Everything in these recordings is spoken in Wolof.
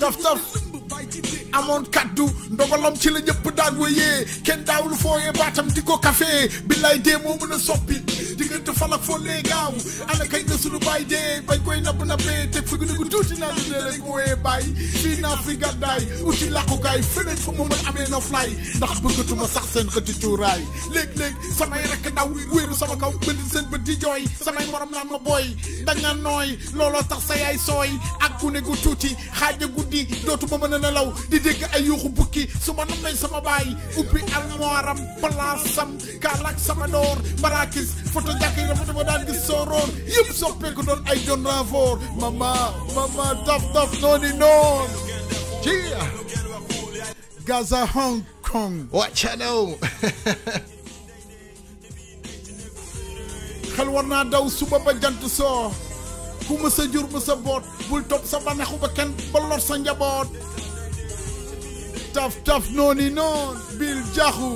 taf taf amoon kaddu ndogalam ci la ñëpp daan wéyee kenn daawul fooyee baatam di ko café billaay dee moo mën a soppi diggante falak foolee gaaw ana kay nga sunu baay dee bañ koy napp nappee teg fi gune ko tuuti naa di dee rek wooyee baay fii naa fi gàddaay uti làqukaay feneen fu ma amee noflaay ndax bëggatuma sax seen xëti cuuraay léeg-léeg samay rekk daw wéeru sama kaw bënd seen bët di jooy samay morom naan ma booy danga nooy looloo tax sa yaay ak gune gu tuuti xaaja guddi dootuma mën a nelaw di dégg ay yuuxu bukki su ma nam nañ sama baay ubbi almooram palaasam kaalaak sama door barakis foto jàkk yi dafa dama daan gis sooroor yëpp soppeeku doon ay John Ravour mama daf daf nooni noon ci Gaza Hong Kong waccanoo xel war naa daw suba ba jant soo ku mës a jur mës a boot bul topp sa banaxu ba kenn ba lor sa njaboot taf taf nooni noon bil jaxu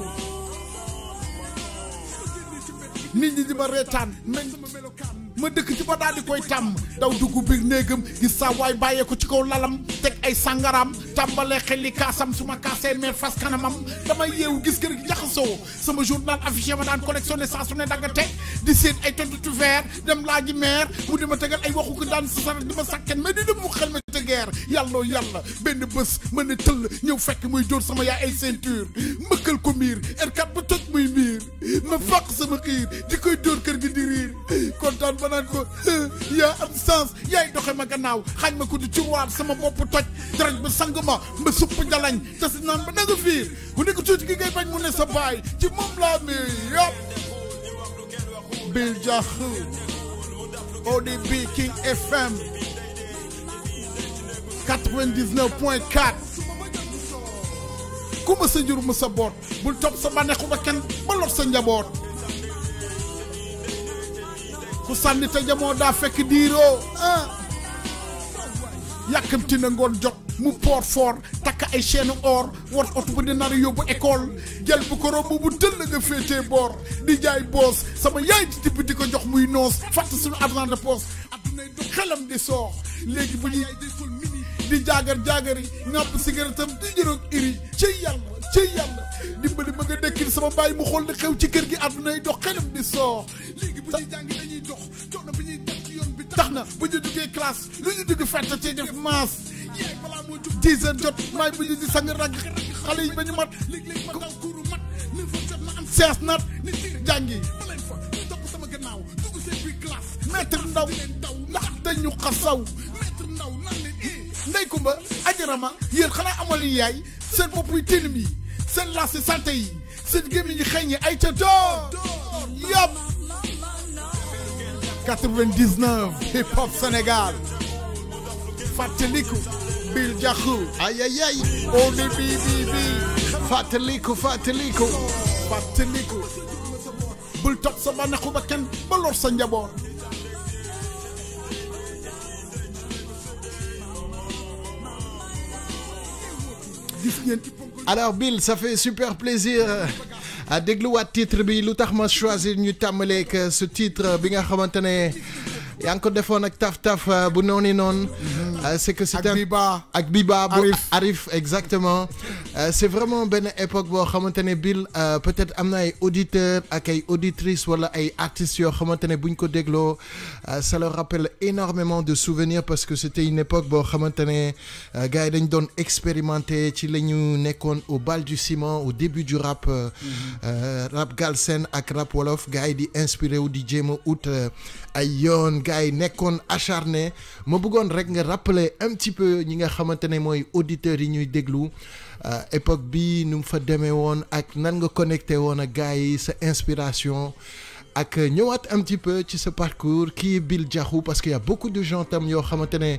nit ñi di ma reetaan meñ sama melokaan ma dëkk ci ba daal di koy tàmm daw dugg biir néegam gis saa waay bàyyeeku ci kaw lalam teg ay sàngaraam tàmbalee xelli kaasam su ma kaasee meer fas kanamam damay yeewu gis kër gi jaxasoo sama journal affiché ma daan collectionné saa su ne dagga teg di seen ay tontu vert dem laa ji meer mu di ma tegal ay waxu ko daan sasaret di ma sàkken mais di dem mu xel ma te guerre yàlla yàlla benn bés mën ne tëll ñëw fekk muy jóor sama yaay ay ceinture mbëkkal ko miir ma faq sama xiir di koy kër gi di riir kontaan ba yaa am yaay doxe ma gannaaw xañ ma ko di cuwaat sama bopp toj darañ ba sang ma ma supp njalañ te si naan ba nanga fiir bu nekk ko tuuti gi ngay bañ mu ne sa baay ci moom laa mi yop Bill Diakhou ODB King FM ku ma sa njur ma sa boot bul topp sa bànneexu ba kenn ba sa njaboot ku sànni te jamoo daa fekk diiroo ah yàkkamti ngoon jot mu poor foor takk ay chaîne or wat oto bu di nar a yóbbu école jël bu ko romb bu tëll nga féetee boor di jaay boos sama yaay di tibb di ko jox muy noos fàtt suñu argent de poche xelam di soox léegi bu ñuy di jaagar jaagari napp sigaretam di jëroog iri ci yàlla ci yàlla dimbali ma nga dekkil sama bàyyi mu xool ne xew ci kër gi àddunay dox xelam di soox bu ñuy jàng dañuy dox coono bi ñuy def ci yoon bi tax na bu ñu duggee classe lu ñu dugg fett ci def maas yaay balaa moo jub dix heures jot maay bu ñu di sang ragg xale yi ba ñu mat léeg-léeg ma daw kuuru mat neuf heures jot ma am séance naat nit jàngi baleen fa ndaw ndax dañu xasaw maître ndaw nan kumba ajarama yéen xanaa amal yi yaay seen bopp yi ténim yi seen lancé santé yi seen gémmiñ ñu xëy ñi ay ca door yop 99 hip hop Sénégal fàttaliku Bil Diakhou ay ay ay on est bii bii bul topp sa ba kenn ba lor sa njaboot alors Bill ça fait super plaisir ah, dégluwaat titre bi lu tax ma choisir ñu tàmbaleek euh, ce titre bi nga xamante ne yaa ngi ko defoon ak taf taf euh, bu noonu noonu. Mhm. Euh, c'est que c'est un ak Biba. ak Biba bu Arif exactement. Euh, c'est vraiment benn époque boo xamante ne Bill peut-être am na ay auditeurs ak ay auditrices wala ay artistes yoo xamante ne buñ ko dégloo ça leur rappelle énormément de souvenirs parce que c'était une époque boo xamante ne gars yi dañ doon expérimenter ci la ñu nekkoon au bal du ciment au début du rap. Mhm. rap galsen ak rap wolof gars yi di inspiré wu di jéem a ut. ay yoon gars yi nekkoon acharné ma bëggoon rek nga rappeler un petit peu ñi nga xamante ne mooy auditeurs yi ñuy déglu euh, époque bi nu mu fa demee woon ak nan nga connecté woon a gars yi sa inspiration ak ñëwaat un petit peu ci sa parcours kii Bill jaxu parce que y beaucoup de gens tam yoo xamante ne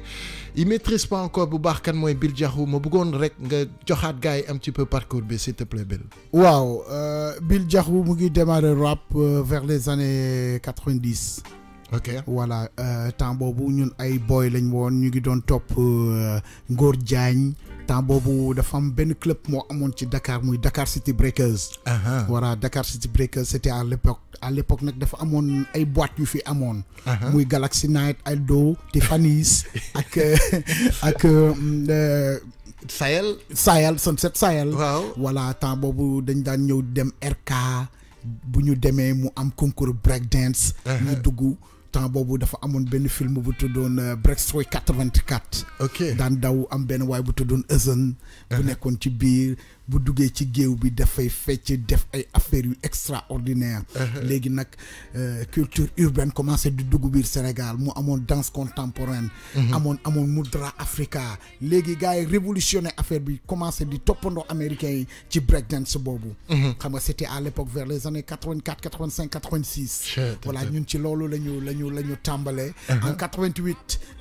ils maîtrisent encore bu baax kan mooy Bill Diakhou ma bëggoon rek nga joxaat gars yi un petit peu parcours bi s'il te plaît Bill. waaw euh, Bill Diakhou mu ngi démarrer rap euh, vers les années quatre-vingt-dix. ok voilà euh, temps boobu ñun ay booy lañ woon ñu ngi doon topp euh, Ngor Diagne temps boobu dafa am benn club moo amoon ci dakaar muy Dakar City Breakers. voilà Dakar City Breakers c' était à l' époque nag dafa amoon ay boîte yu fi amoon. muy Galaxy Night Aldo Tiffany's ak euh, ak. Sayel. Sayel Sunset Sayel. waaw voilà temps boobu dañ daan ñëw dem RK bu ñu demee mu am concours break dance. ñu dugg. temps boobu dafa amoon benn film bu tuddoon euh, Breakthrough 84. ok daan daw am benn waay bu tëddoon Ezen. bu uh-huh. nekkoon ci biir. bu duggee ci géew bi dafay fecc def ay affaires yu extraordinaire uh-huh. léegi nag euh, culture urbaine commencé di dugg biir Sénégal mu amoon danse contemporaine uh-huh. amoon amoon mu mudra africa léegi gars yi révolutionné affaire bi commencé di toppandoo américain yi ci break dance boobu uh-huh. xam nga c'était à l'époque vers les années 84 85 86 voilà ñun ci loolu la ñu la ñu la ñu tàmbalee en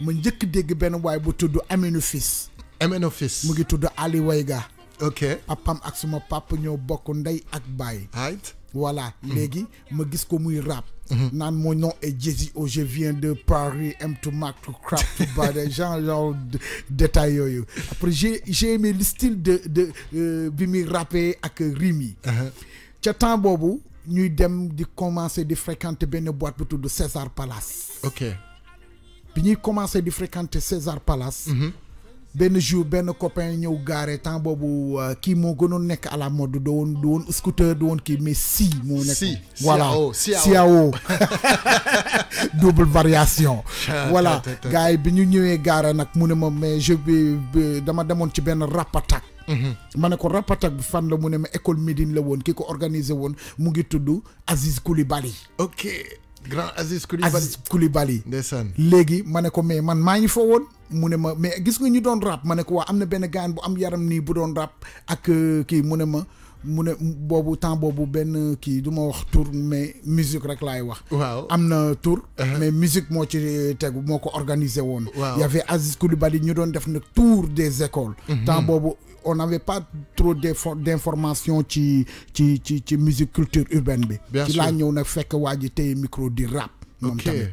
ma njëkk dégg benn waay bu tudd Amenoufis Amenoufis mu ngi tudd Ali ga ok papam ak suma papa ñoo bokk ndey ak baay. voilà hmm. léegi ma gis ko muy rap. Hmm. naan mon nom est Jay-Z oh, je viens de Paris M to Mac to Crap to Bad genre yooyu après j'ai j'ai aimé le de de euh, bi muy rappé ak rimi yi. Uh-huh. ca temps boobu ñuy dem di commencer di fréquenter benn boit bu tudd César Palace. ok bi ñuy commencer di fréquenter César Palace. Mm-hmm. benn jour benn copain ñëw gaare temps boobu euh, kii moo gënoon nekk à la mode du woon du woon scooter du woon kii mais si moo nekk si voilà siao double variation voilà gars bi ñu ñëwee gaare nag mu ne ma mais je bi dama demoon ci benn rap mhm. ma ne ko rap bi fan la mu ne ma école Médine la woon ki ko organiser woon mu ngi tudd Aziz Koulibaly grand Aziz Koulibaly Aziz Koulibaly. ndeysaan léegi ma ne ko mais man maa ngi fa woon mu ne ma mais gis nga ñi doon rap ma ne ko waa am na benn gaan bu am yaram nii bu doon rap ak euh, kii mu ne ma mu ne boobu temps boobu benn euh, kii du ma wax tour mais musique rek laay wax. waaw am na tour. Uh-huh. mais musique moo ci euh, tegu moo ko organisé woon. waaw y avait Aziz ñu doon def nag tour des écoles. Mhm. temps boobu. on n'avait pas trop d'informations ci ci ci ci musique culture urbaine bi ci laa ñëw nag fekk waa ji téye micro di rap moom tamit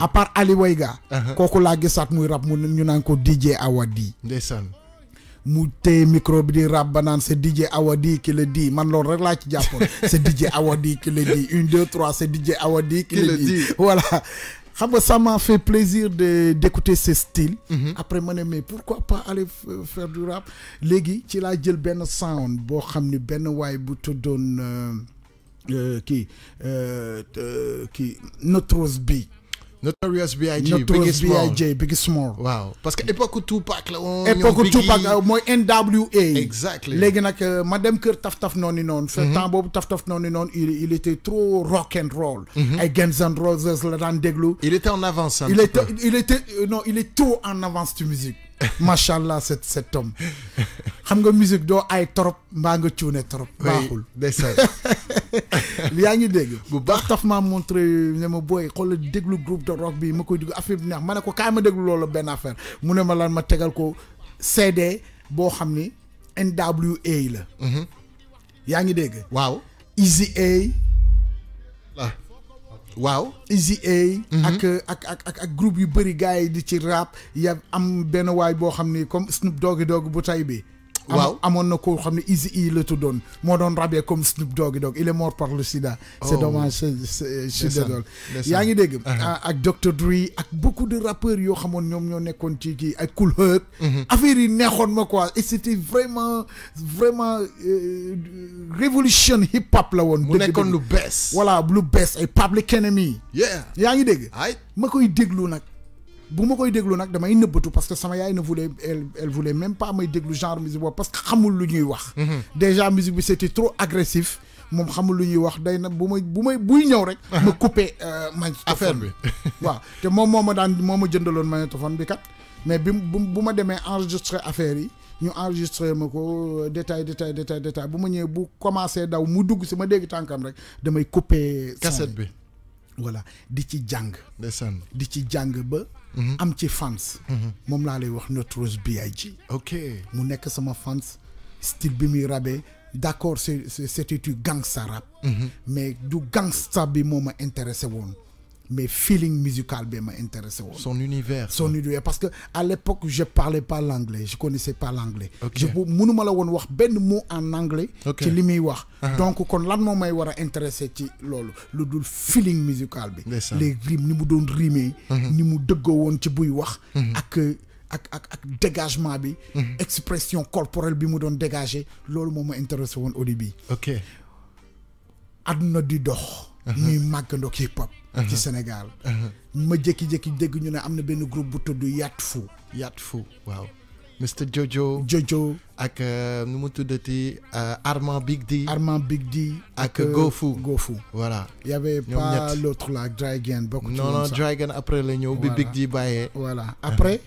à part Ali uh-huh. kooku laa gisaat muy rap mu ñu naan ko DJ Awadi ndeysaan mu téye micro bi di rap ba naan c'est DJ Awadi qui le dit man loolu rek laa ci jàppoon c'est DJ Awadi qui le dit une deux trois c'est DJ Awadi qui le dit voilà xam nga ça m'a fait plaisir de d'écouter ce style. Mhm. après ma ne mais pourquoi pas aller euh, faire du rap. léegi ci laa jël benn sound boo xam ni benn waay bu tuddoon euh, euh, kii kii Notros bi. Notorious B.I.G. Notorious B.I.G. Biggie Small parce que époque Tupac la woon. époque Tupac euh, mooy NWA. exactly léegi nag euh, ma dem kër taf taf noonu noonu. non mhm. temps boobu taf taf noonu noonu il était trop rock and roll. Mhm. ay Guns N' Roses la daan déglu. il était en avance il était euh, non il est en avance ci musique. macha allah cet cet homme xam nga musique doo ay trop mbaa nga cuune trop. baaxul yaa ngi dégg. bu baax taf ma montré ne ma booy xoolal déglu groupe de rock bi ma koy dugg affaire bi neex ma ne ko kaay ma déglu loolu benn affaire mu ne ma lan ma tegal ko CD boo xam ni NWA la. Mhm. yaa ngi dégg. waaw Easy A. waaw Easy A mhm. ak ak ak ak ak groupe yu bëri gars yi di ci rap ya am benn waay boo xam ni comme Snoop Doggy Dogg bu tay bi waaw amoon na ko xam ne Eazy-E la tuddoon moo doon rabee comme Snoop Doggy Dogg il est mort par le sida c'est oh. dommage c'est dommage yaa ngi dégg uh-huh. ak Dr Dre ak beaucoup de rappeurs yoo xamoon ñoom ñoo nekkoon ci kii ak Kool Herc mm-hmm. affaire yi neexoon ma quoi et c'était vraiment vraiment euh, révolution hip hop la woon mu nekkoon lu bees wala lu bees ay Public Enemy yaa ngi dégg ma koy déglu nag bu ma koy déglu nag damay nëbbatu parce que sama yaay na voulait elle elle voulait même pas may déglu genre musique boobu parce que xamul lu ñuy wax. Mhm. déjà musique bi c'était trop agressif. moom xamul lu ñuy wax day nag bu may bu may buy ñëw rek. Uh-huh. ma coupé euh, affaire bi waaw te moom moo ma daan moo ma jëndaloon magnétophone bi kat. mais bi bu bu ma demee enregistré affaire yi ñu enregistré ma ko euh, détail détail détail bu ma ñëwee bu commencé daw mu dugg si ma dégg tànkam rek damay coupé. cassette bi voilà di ci jàng. ndeysaan di ci jàng ba. Mhm. am ci fans. Mhm. moom laa lay wax Notorious B.I.G. ok mu nekk sama fans style bi muy rabee d' accord c' est c' était du gangsta rap. Mhm. mais du gangsta bi moo ma intéressé woon. mais feeling musical bien m'a intéressé. Son univers. Son ouais. univers. Parce que à l'époque, je parlais pas l'anglais. Je connaissais pas l'anglais. Okay. Je ne pas dire ben mot en anglais okay. li muy wax. Uh kon lan moom may war a intéressé ci lolu, le dul feeling musical bi. Les rimes ni mu don rimé, uh-huh. ni mu deggo woon ci buy wax uh-huh. ak ak ak dégagement bi, expression corporelle bi mu doon dégager, lolu moma intéressé won au début. OK. Aduna di dox. ñuy màggandoo hip hop. ci uh-huh. Sénégal. Uh-huh. ma jékki-jékki dégg ñu ne am na benn group bu tudd Yatfu. Yatfu waaw. Mr Jojo. Jojo. ak euh, nu mu tuddati euh, Armand Big D. Armand Big D. ak euh, Gofu Gofu. voilà y avait pas l'autre là Dragon bokk ci après la ñëw bi Big D bàyyee. voilà uh-huh. après.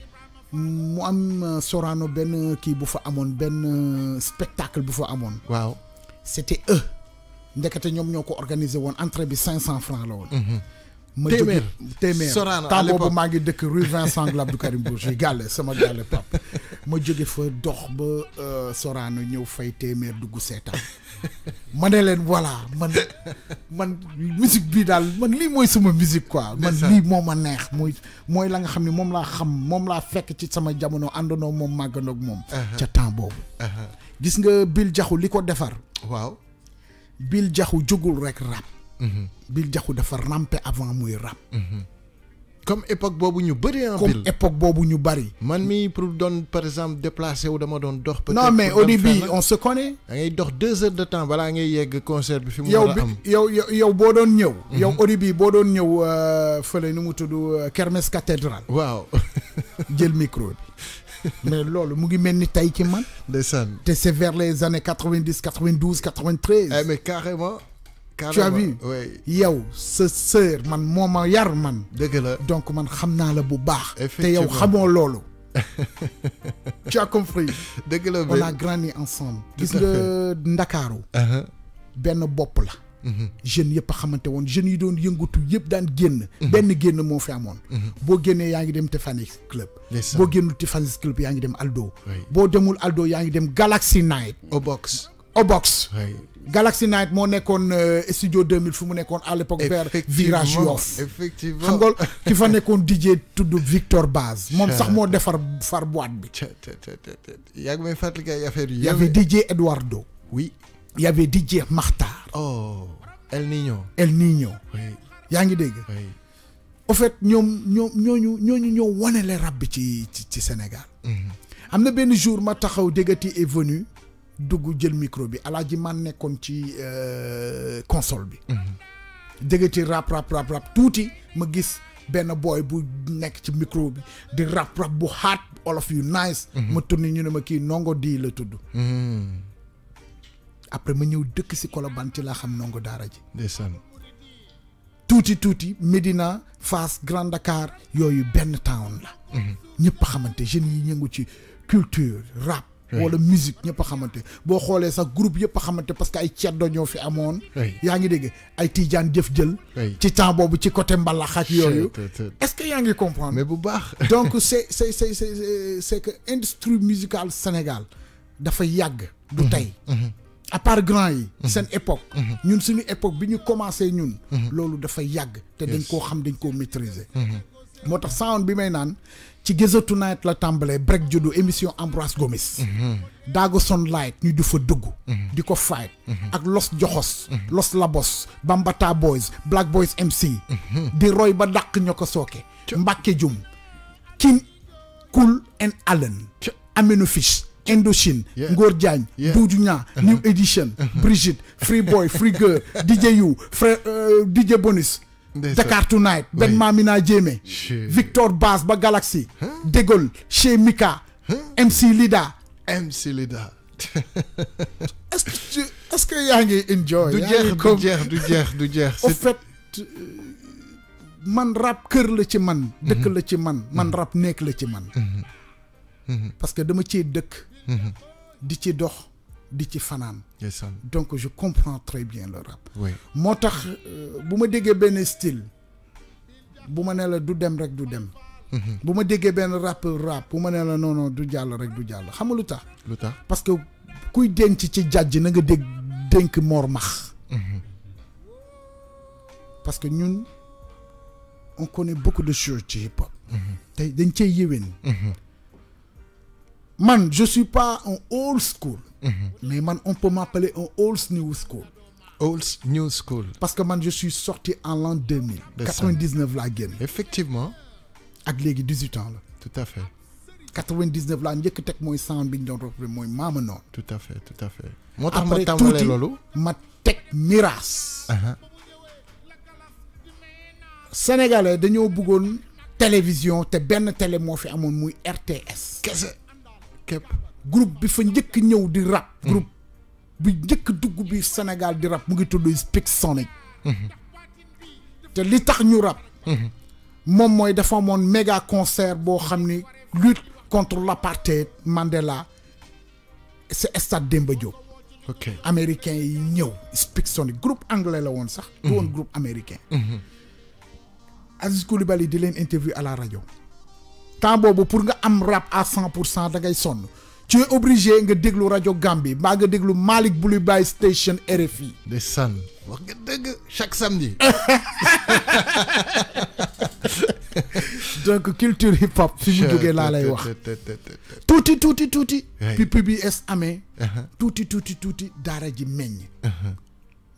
mu am Sorano benn kii bu fa amoon benn spectacle bu fa amoon. waaw c'était eux. ndekete ñoom ñoo ko organisé woon entrée bi cent francs la woon. Mhm. ma téeméer téeméer temps boobu maa ngi dëkk rue Vincent Nglam Abdou Karim Bourgi gàlle sama gàlle pap ma jóge fa dox ba euh, Sorano ñëw fay téeméer dugg seetaan ma ne leen voilà man man musique bii daal man lii mooy sama musique quoi man lii moo ma neex mooy mooy la nga xam ne moom laa xam moom laa fekk ci sama jamono àndandoo moom màggandoog moom uh-huh. ca temps boobu uh-huh. gis nga Bill Jaxu li ko defar Bill Diakhou jógul rek rap. Mhm. Bill jaxu dafa rampe avant muy rap. Mhm. comme époque boobu ñu bëri en comme époque boobu ñu bëri. man mii pour doon par exemple déplacé wu dama doon dox. peut-être non mais au début on se connaît. da dox deux heures de temps balaa ngay yegg concert bi fi mu. war a am yow yow yow boo doon ñëw. Mhm. yow au début boo doon ñëw euh, fële nu mu tudd euh, Kermesse cathédrale. waaw jël micro bi. mais loolu mu ngi mel ni tey ci man. ndeysaan te c'est vers les années quatre vingt dix quatre vingt douze quatre vingt treize. Eh, mais carrément. tu as vu yow sa man moo yar man. dëgg donc man xam naa la bu baax. te yow xamoo loolu. tu as compris. dëgg la on a grandi ensemble. gis nga Ndakaaru. Uh-huh. benn bopp la. jeunes yëpp a xamante woon jeunes yi doon yëngatu yëpp daan génn. Mhm. benn génn moo fi amoon. Mhm. boo génnee yaa ngi dem Tiffany club. boo génnul Tiffany club yaa ngi dem Aldo. boo demul Aldo yaa ngi dem Galaxy Night. Obox Obox. Galaxy Night moo nekkoon euh, studio mil fu mu nekkoon à l'époque vers virage Yoff effectivement ki fa nekkoon DJ tudd Victor Baz moom sax moo defar far boîte bi. yaa ngi may fàttali ay affaire yu. y avait DJ Eduardo y avait Didier Makhtar. oh El Niño. yaa ngi dégg. au fait ñoom ñoom ñooñu ñooñu ñoo wanele rab bi ci ci Sénégal. Mhm. am na benn jour ma taxaw déggati est venu dugg jël micro bi ji man nekkoon ci euh, console bi. Mhm. déggati rap rap rap tuuti ma gis benn booy bu nekk ci micro bi di rap rap bu xaat olof yu nice. Mhm. ma tourné ñu ne ma kii Ndongo di la tudd. après ma ñëw dëkk si Colobane ci laa xam ndongo daara ji. ndeysaan. tuuti tuuti Médina Fass Grand Dakar yooyu benn town la. Mhm. ñëpp xamante jeunes yi ñëngu ci culture rap. wala musique ñëpp xamante boo xoolee sax groupe yëpp xamante parce que ay ceddo ñoo fi amoon. yaa ngi dégg ay tijaan jëf jël. ci temps boobu ci côté mbalax ak yooyu. est-ce que yaa ngi comprendre. mais bu baax. donc c'est est c'est c'est que industrie musicale Sénégal dafa yàgg. du mhm. tey. Mhm. à part grand yi. Mhm. seen époque. Mhm. ñun suñu époque bi ñu commencé ñun. Mhm. loolu dafa yàgg. te dañ koo xam dañ koo maîtriser. moo tax sound bi may naan ci Gézatu Night la tàmbalee break juddu émission Ambroise Gomis. dago Sunlight ñu du fa dugg. di ko fight. ak Los Joxos. Los Labos. Bambata Boys Black Boys MC. di roy ba dàq ñoo ko sooke. Mbacke Jum. King Kool and Allen. Aminu Indochine Ngor Diagne Doudou Nia uh-huh. New Edition uh-huh. Brigitte Free Boy Free Girl DJ You Frère euh, DJ Bonus Dakar Tonight Ben Mamina Diémé Victor Bass ba Galaxy Dégol Chez Mika MC Lida MC Lida est-ce que yaa ngi enjoy du jeex du jeex du jeex du jeex euh, man rap kër la ci man dëkk mm-hmm. la ci man man mm-hmm. rap nekk la ci man mm-hmm. parce dama cee dëkk Mm-hmm. di ci dox di ci fanaan donc je comprends très bien le rap moo tax euh, bu ma déggee benn style bu ma ne la du dem rek du dem mm-hmm. bu ma déggee benn rap rap bu ma ne la non du jàll rek du jàll xam nga lu tax lu tax parce que kuy denc ci jàjj na nga dégg dénk moor max mm-hmm. parce que ñun on connaît beaucoup de choses ci hip hop dañ cee yéwén man je suis pas un old school. mais man on peut m'appeler un old new school. old new school. parce que man je suis sorti en l'an 2000. 99 laa génn. effectivement. ak léegi 18 ans la. tout à fait. 99 laa njëkk teg mooy sound bi ñu doon reprendre mooy maama noonu. tout à fait tout à fait. moo tax ma tàmbalee loolu ma teg miraas. Uh-huh. sénégalais dañoo bëggoon télévision te benn télé moo fi amoon muy RTS. képp groupe bi fa njëkk ñëw di rap hmm. groupe bi njëkk dugg bi senegal di rap mu ngi tudd Speak Sonic hmm. te li tax ñu rap hmm. moom mooy dafa amoon méga concert boo xam ni lutte contre l'apartheid Mandela c'est stade Demba Diop ok yi ñëw Speak Sonic groupe anglais la woon sax du woon groupe américain Aziz yi di leen interview à la rajo temps boobu pour nga am rap a cent pour cent da sonn tu es obligé nga déglu rajo Gambie mbaa nga déglu Malick Boulibaly station RFI. ndeysaan wax nga dëgg chaque samedi. donc culture hip hop fi mu jógee laa lay wax tuuti tuuti tuuti. bi PBS amee. Uh-huh. tuuti tuuti tuuti daara ji meññ. Uh-huh.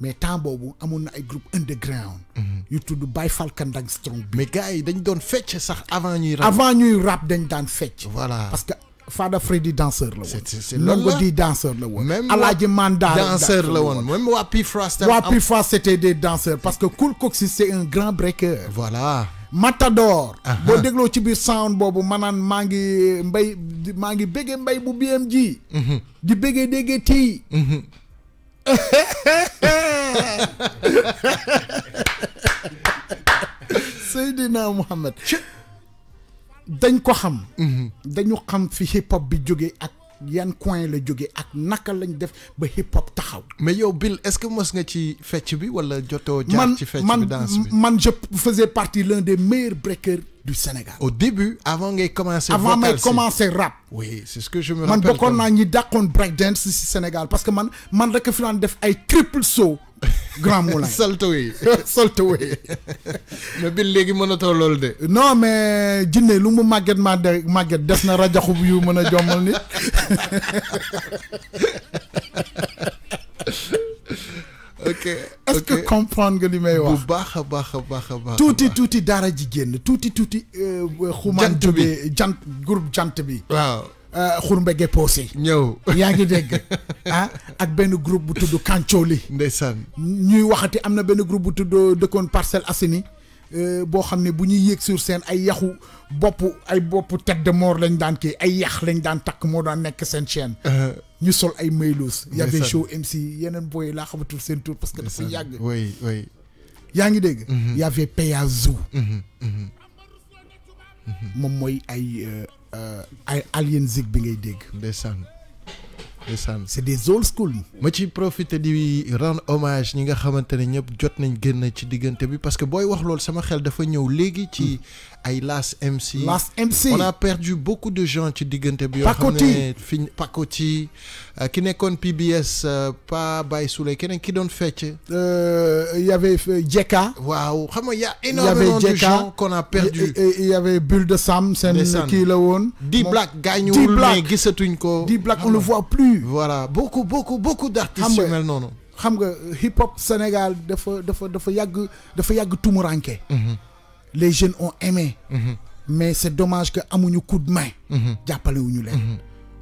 mais temps boobu amoon na ay groupe underground. Mhm. yu tudd Baye Falkandang Strong bi. mais gars yi dañ doon fecc sax avant ñuy. rap avant ñuy rap dañ daan fecc. voilà parce que Fada Freddy danseur la woon. c'est Longo di danseur la woon. même Alaaji Manda danseur la woon même waa P Frost. waa P Frost c'était des danseurs parce que Cool Coxy c'est un grand breaker. Matador. boo dégloo ci biir sound boobu manaan maa ngi mbay maa ngi béggee mbay bu BMG. Mhm. di béggee déggee tii. Mhm. Seydina Muhammad dañ ko xam mhm. dañu xam fi hip hop bi jóge ak yan coin la jóge ak naka lañ def ba hip hop taxaw mais yow Bill est-ce que mos nga ci fecc bi wala joto jaar ci fecc bi man man je faisais partie l'un des meilleurs breakers du Sénégal. au début avant ngay commencer. avant may commencer rap. man bokkoon naa ñi dàqoon breakdance si Sénégal parce que man man rek fi naan def ay triple saut. Grand Moulin salto yi salto yi léegi mënatoo loolu de. non mais jinne lu mu màgget ma de màgget des na rajaxu yu mën a jommal nit. ok est-ce que comprendre nga li may wax bu baax a baax a baax a baax. tuuti tuuti daara ji génn tuuti tuuti. Euh, jant bi jant groupe jant bi. waaw. Euh, xurmbege poosé. ñëw yaa ngi dégg ah, ak benn groupe bu tudd Kancholi. ndeysaan ñuy waxati am na benn groupe bu tudd dëkkoon Parcelles Assainies euh, boo xam ne bu ñuy yéeg sur seen ay yaxu bopp ay boppu tête de mort lañ daan kii ay yax lañ daan takk moo daan nekk seen chaîne. Uh-huh. ñu sol ay mayloos y show MC yeneen booy laa xamatul seen tur parce que dafa yàgg oui oui yaa ngi dégg mhm. y avait Payazou mhm, mhm. moom mooy ay euh, euh, ay alien zig bi ngay dégg ndeysaan ndeysaan c'est des old school ma ci profité di rendre hommage ñi nga xamante ne ñëpp jot nañ génn ci diggante bi parce que booy wax loolu sama xel dafa ñëw léegi ci mm. ay Las MC. Las MC on a perdu beaucoup de gens ci diggante bi. yoo xam ne fi Pakoti euh, ki nekkoon PBS euh, Pa Baye Souley keneen ki doon fecc. Euh, y avait Jekka. waaw xam nga y a énormément de gens qu'on a perdu. y avait Bulle de Sam. seen kii la woon. Di Black gaañuwul mais gisatuñ ko. Di Black on le voit plus. voilà beaucoup beaucoup beaucoup d'artistes noonu. xam nga hip hop Sénégal dafa dafa dafa yàgg dafa yàgg tumuranke mhm. les jeunes ont aimé. Mhm. mais c'est dommage que amuñu coup de main. Mhm. jàppale wuñu leen. Mhm.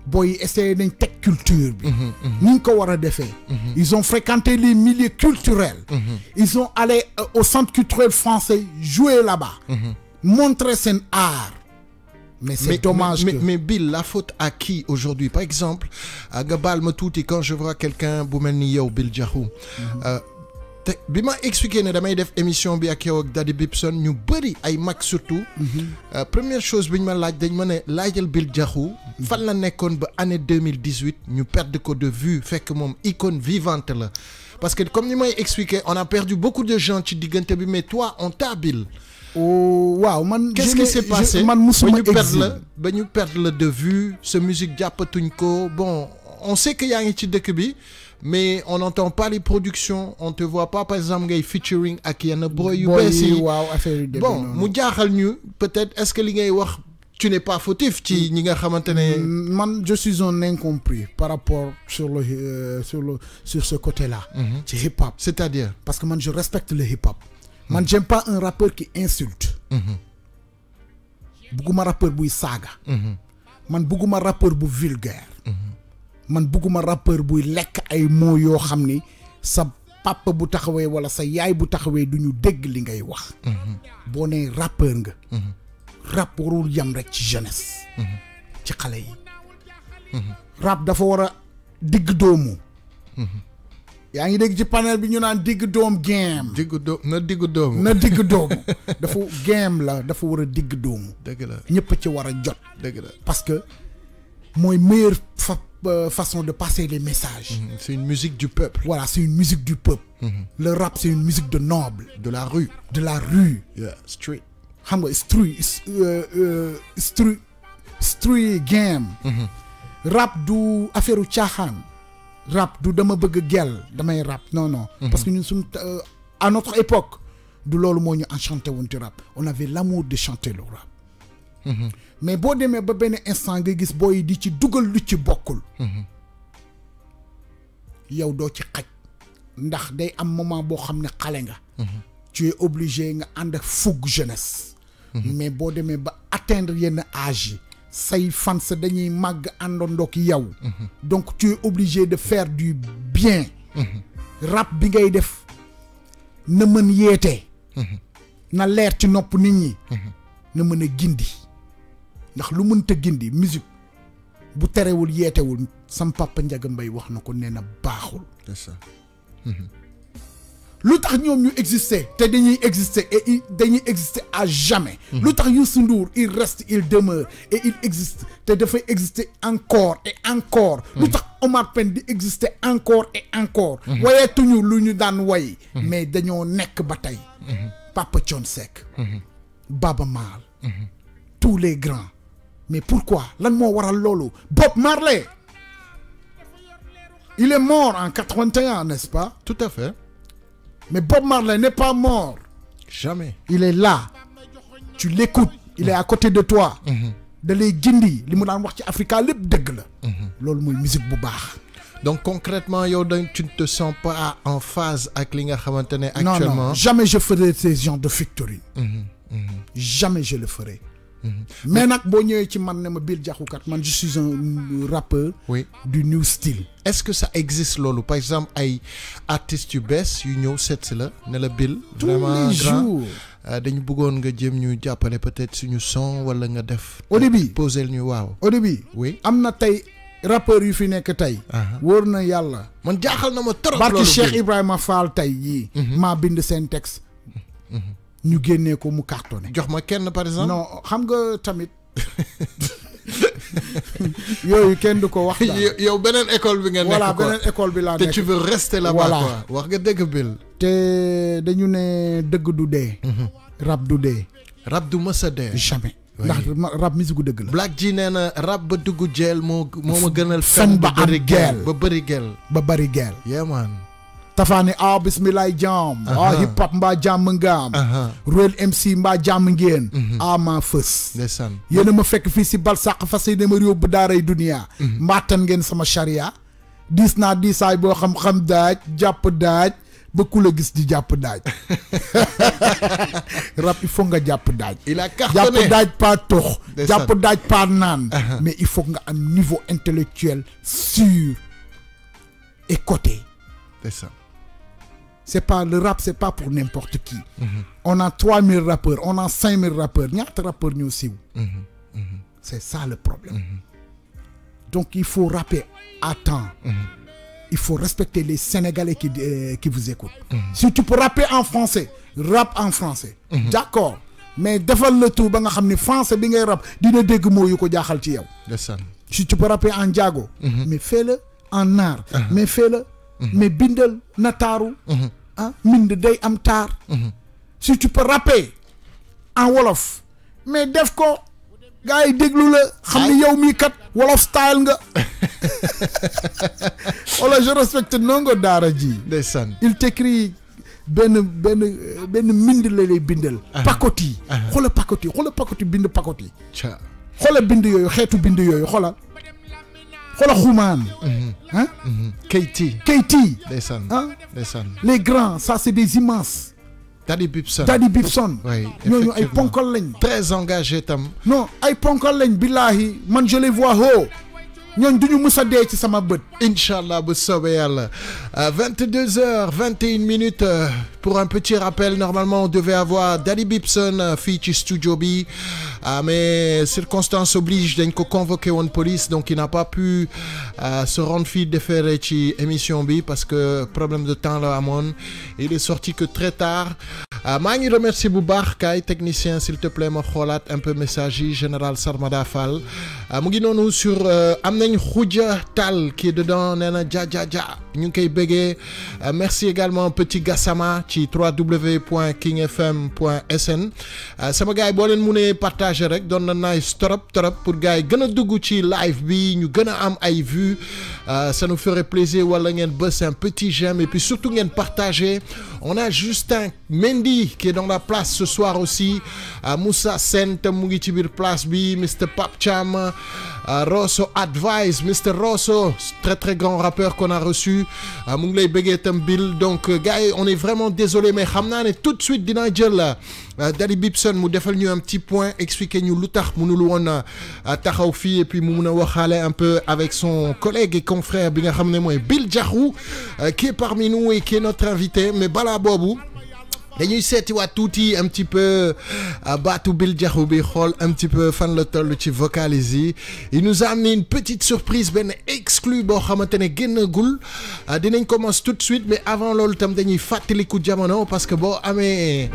booy essayé nañ teg culture bi. ni ñu ko war a defee. ils ont fréquenté les milieux culturels. ils ont allé euh, au centre culturel français jouer là-bas. montrer seen art. Mais c'est dommage. Mais, bille la faute à qui aujourd'hui Par exemple, à euh, Gabal Matouti, quand je vois quelqu'un, Boumelniyo, Bill Jahou, euh, bi ma expliqué ne damay def émission bi ak yow ak Daddy Bibson ñu bëri ay mag surtout. Mhm. Euh, première chose bi ñu ma laaj dañ ma ne laajal Bill Diakhou. Mhm. fan la nekkoon ba année deux mille dix huit ñu perdre ko de vue fekk moom icône vivante la. parce que comme ni may expliqué on a perdu beaucoup de gens ci diggante bi mais toi on t'a Bill. Oh, waaw man. qu'est-ce qui s'est passé man musuma ba ñu perdre la ba ñu perdre la de vue sa musique jàppatuñ ko bon on sait que yaa ngi ci dëkk bi. mais on n'entend pas les productions on te voit pas par exemple ngay featuring ak yenn boy yu bees yi waaw affaire bon mu jaaxal ñu peut-être est-ce que li ngay wax tu n'es pas fautif ci mm. ñi nga xamante ne mm, man je suis un incompris par rapport sur le euh, sur le sur ce côté-là mm-hmm. ci cest c'est-à-dire parce que man je respecte le hip-hop man mm -hmm. j'aime pas un rappeur qui insulte mm-hmm. bugguma rappeur buy saaga mm-hmm. man bugguma rappeur bu vulgaire man bugguma rappeur buy lekk ay mots yoo xam ni sa papa bu taxawee walla sa yaay bu taxawee du ñu dégg li ngay wax. Mhm. boo nee rappeur nga. Mhm. rap warul yam rekk ci jeunesse. Mhm. ci xale yi. rap dafa war a digg doomu. yaa ngi dégg ci panel bi ñu naan digg doom game. digg doom na digg doomu. na digg doomu dafa game la dafa war a digg doomu. dëgg la ñëpp ci war a jot. dëgg parce que mooy meilleur fa Euh, façon de passer les messages. Mhm. C'est une musique du peuple. Voilà, c'est une musique du peuple. Mhm. Le rap, c'est une musique de noble. De la rue. De la rue. street. xam nga street euh, euh, street street game. Mhm. rap du affaire caaxaan. rap du dama bëgg gel damay rap non non. parce que ñun suñu à notre époque du loolu moo ñu enchanté woon ci rap on avait l'amour de chanter le rap. mais boo demee ba benn instant nga gis booy di ci dugal lu ci bokkul. yow doo ci xaj. ndax day am moment boo xam ne xale nga. tu es obligé nga ànd ak fougue jeunesse. mais boo demee ba atteindre yenn age yi. say sa dañuy màgg àndandoog yow. donc tu es obligé de faire du bien. rap bi ngay def na mën yeete. na leer ci nopp nit ñi. na mën a gindi. ndax lu mënta gindi musique bu terewul yeetewul sam papa Ndiaga Mbaye wax na ko nee na baaxul. c'est lu tax ñoom ñu exister te dañuy exister et dañuy exister à jamais. Mhm. lu tax yu Ndour il rest il demeure et il existe te dafay exister encore et encore. lu mhm. tax Omar Pène di exister encore et encore. Mhm. wayeetuñu lu ñu daan way. mais dañoo nekk ba tey. Papa Thione Seck. Baba Maal. tous les grands. mais pourquoi lan moo waral loolu Bob Marley il est mort en 81 n'est-ce pas tout à fait mais Bob Marley n'est pas mort jamais il est là tu l'écoutes il est à côté de toi mhm. da lay jindi li mu daan wax ci Africa lépp dëgg la mhm. loolu mooy musique bu baax donc concrètement yow dañ tu ne te sens pas en phase ak li nga xamante ne actuellement non non jamais je ferai ces genres de featuring mhm. jamais je le ferai Mhm. mais nag boo ñëwee ci man ne ma Bill Diakhou man je suis un rappeur. oui du new style. est-ce que ça existe loolu par exemple ay artistes yu bees yu ñëw seet si la ne la Bill. vraiment les jours euh, dañu bëggoon nga jëm ñu jàppale peut-être suñu son wala nga def. au début poser ñu waaw. au début oui am na tey rappeurs yu fi nekk tey. wóor na yàlla. man jaaxal na ma trop loolu barki Cheikh Ibrahima Fall tey yii. Mhm. maa bind seen texte. Mhm. ñu génnee ko mu cartonné. jox ma kenn par exemple. non xam nga tamit. yooyu kenn du ko wax yow beneen école bi nga nekk ko école bi laa nekk te tu veux rester là-bas wax nga dëgg bil te dañu ne dëgg du dee mhm. rab du dee rab du mës a dee jamais ndax rab musique dëgg la Black G nee na rab ba dugg jeel moo moo ma gënal fen ba bëri geel ba bëri geel ba bari geel yeah man tafaani a ah, bismillahi jaam a ah, uh-huh. hip hop mbaa jàmm ngaam uh-huh. ruel mc mbaa jàmm ngeen mm-hmm. ah, a maa fës yéena ma fekk fii si balsàq fas yéene ma yóbbu daaray duniya mm-hmm. mbaatan ngeen sama charia diis naa diisaay boo xam-xam daaj jàpp daaj ba gis di jàpp daaj rab il faut nga jàpp daaj jàpp daaj pas naan uh-huh. mais il faut nga am niveau intellectuel sûr et coté c'est pas le rap c'est pas pour n'importe qui on a 3000 rappeurs on a 5000 rappeurs ñaata rappeurs ñoo siiw c'est ça le problème donc il faut rapper à temps il faut respecter les Sénégalais qui euh, qui vous écoutent si tu rapper en français rap en français d'accord mais defal le tout ba nga xam ni français bi ngay rap dina dégg moo ko jaaxal ci yow si tu peux rapper en diago mhm. mais fais-le en naar mhm. mais fais-le mhm. mais bindal na taaru ah mbind day am taar. Mhm. si tu peux rapper en wolof. mais def ko gars yi déglu la. xam ni yow mii kat wolof style nga. wala je respecte nongo daara ji. ndeysaan il t'écrit benn benn benn mbind la lay bindal. Ah. pakot yi. Ah. xoola pakot yi xoola pakot yi bind pakot yi. xoola bind yooyu xeetu bind yooyu xoolal. xoola xumaan ah mm-hmm. mm-hmm. Keyti Keyti ndeysaan ah ndeysaan les grands ça c'est des immenses Daddy Bibson Daddy Bibson ay ponkal lañ très engagé tam non ay ponkal lañ billaahi man je les vois haut ñooñ du ñu mës a dee ci sama bët incha allah bu soobee yàlla euh, vingt deux heures vingt une minutes euh, Pour un petit rappel, normalement, on devait avoir Danny Bibson euh, fii ci studio bi ah, mais circonstances oblige dañ ko convoqué woon police donc il n'a pas pu euh, se rendre fii déféré ci émission bi parce que problème de temps la amoon il est sorti que très tard ah, maa ngi remercier bu baax kaay technicien s'il te plaît ma xoolaat un peu message yi général Sarmada Fall ah, mu ngi noonu sur euh, am nañ Khoudia Tall qui est dedans nee na ja ja ja ñu ngi koy bëggee merci également petit Gassama ci www.kingfm.sn euh, sama gars yi boo leen munee partager rek doon na nice torop torop pour gars yi gën a dugg ci live bi ñu gën a am ay vues euh, ça nous ferait plaisir wala ngeen bës un petit j'aime et puis surtout ngeen partager on a Justin Mendy qui est dans la place ce soir aussi euh, Moussa Sène tam mu ngi ci biir place bi Mr Pape Cham Rosso Advice Mr Rosso très très grand rappeur qu'on a reçu mu ngi lay bëggee Bill donc gars on est vraiment désolé mais xam naa ne tout de suite dinaa jël euh, Dali Bibson mu defal ñu un petit point expliquer ñu lu tax mënul woon euh, taxaw fii et puis mu mun a waxaale un peu avec son collègue et confrère bi nga xam ne mooy Bill Diakhou euh, qui est parmi nous et qui est notre invité mais balaa boobu. dañuy seetiwaat tuuti un petit peu euh, baatu Bil Diakhou bi xool un petit peu fan la toll ci vocalise yi il nous a amené une petite surprise benn exclu boo xamante ne génnagul euh, dinañ commence tout de suite mais avant loolu tam dañuy fàttaliku jamono parce que boo amee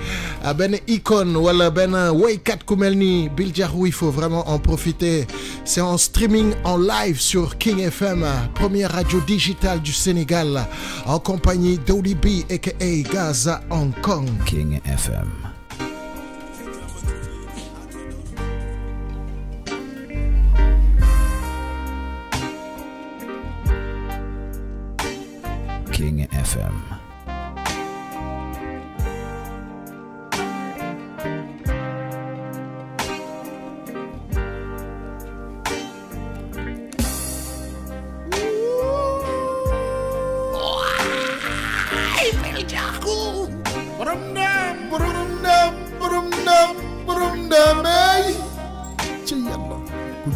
euh, benn icône wala benn woykat ku mel ni Bil Diakhou il faut vraiment en profiter c'est en streaming en live sur King FM première radio digitale du Sénégal en compagnie d'Oli B aka Gaza Hong Kong King FM. King FM.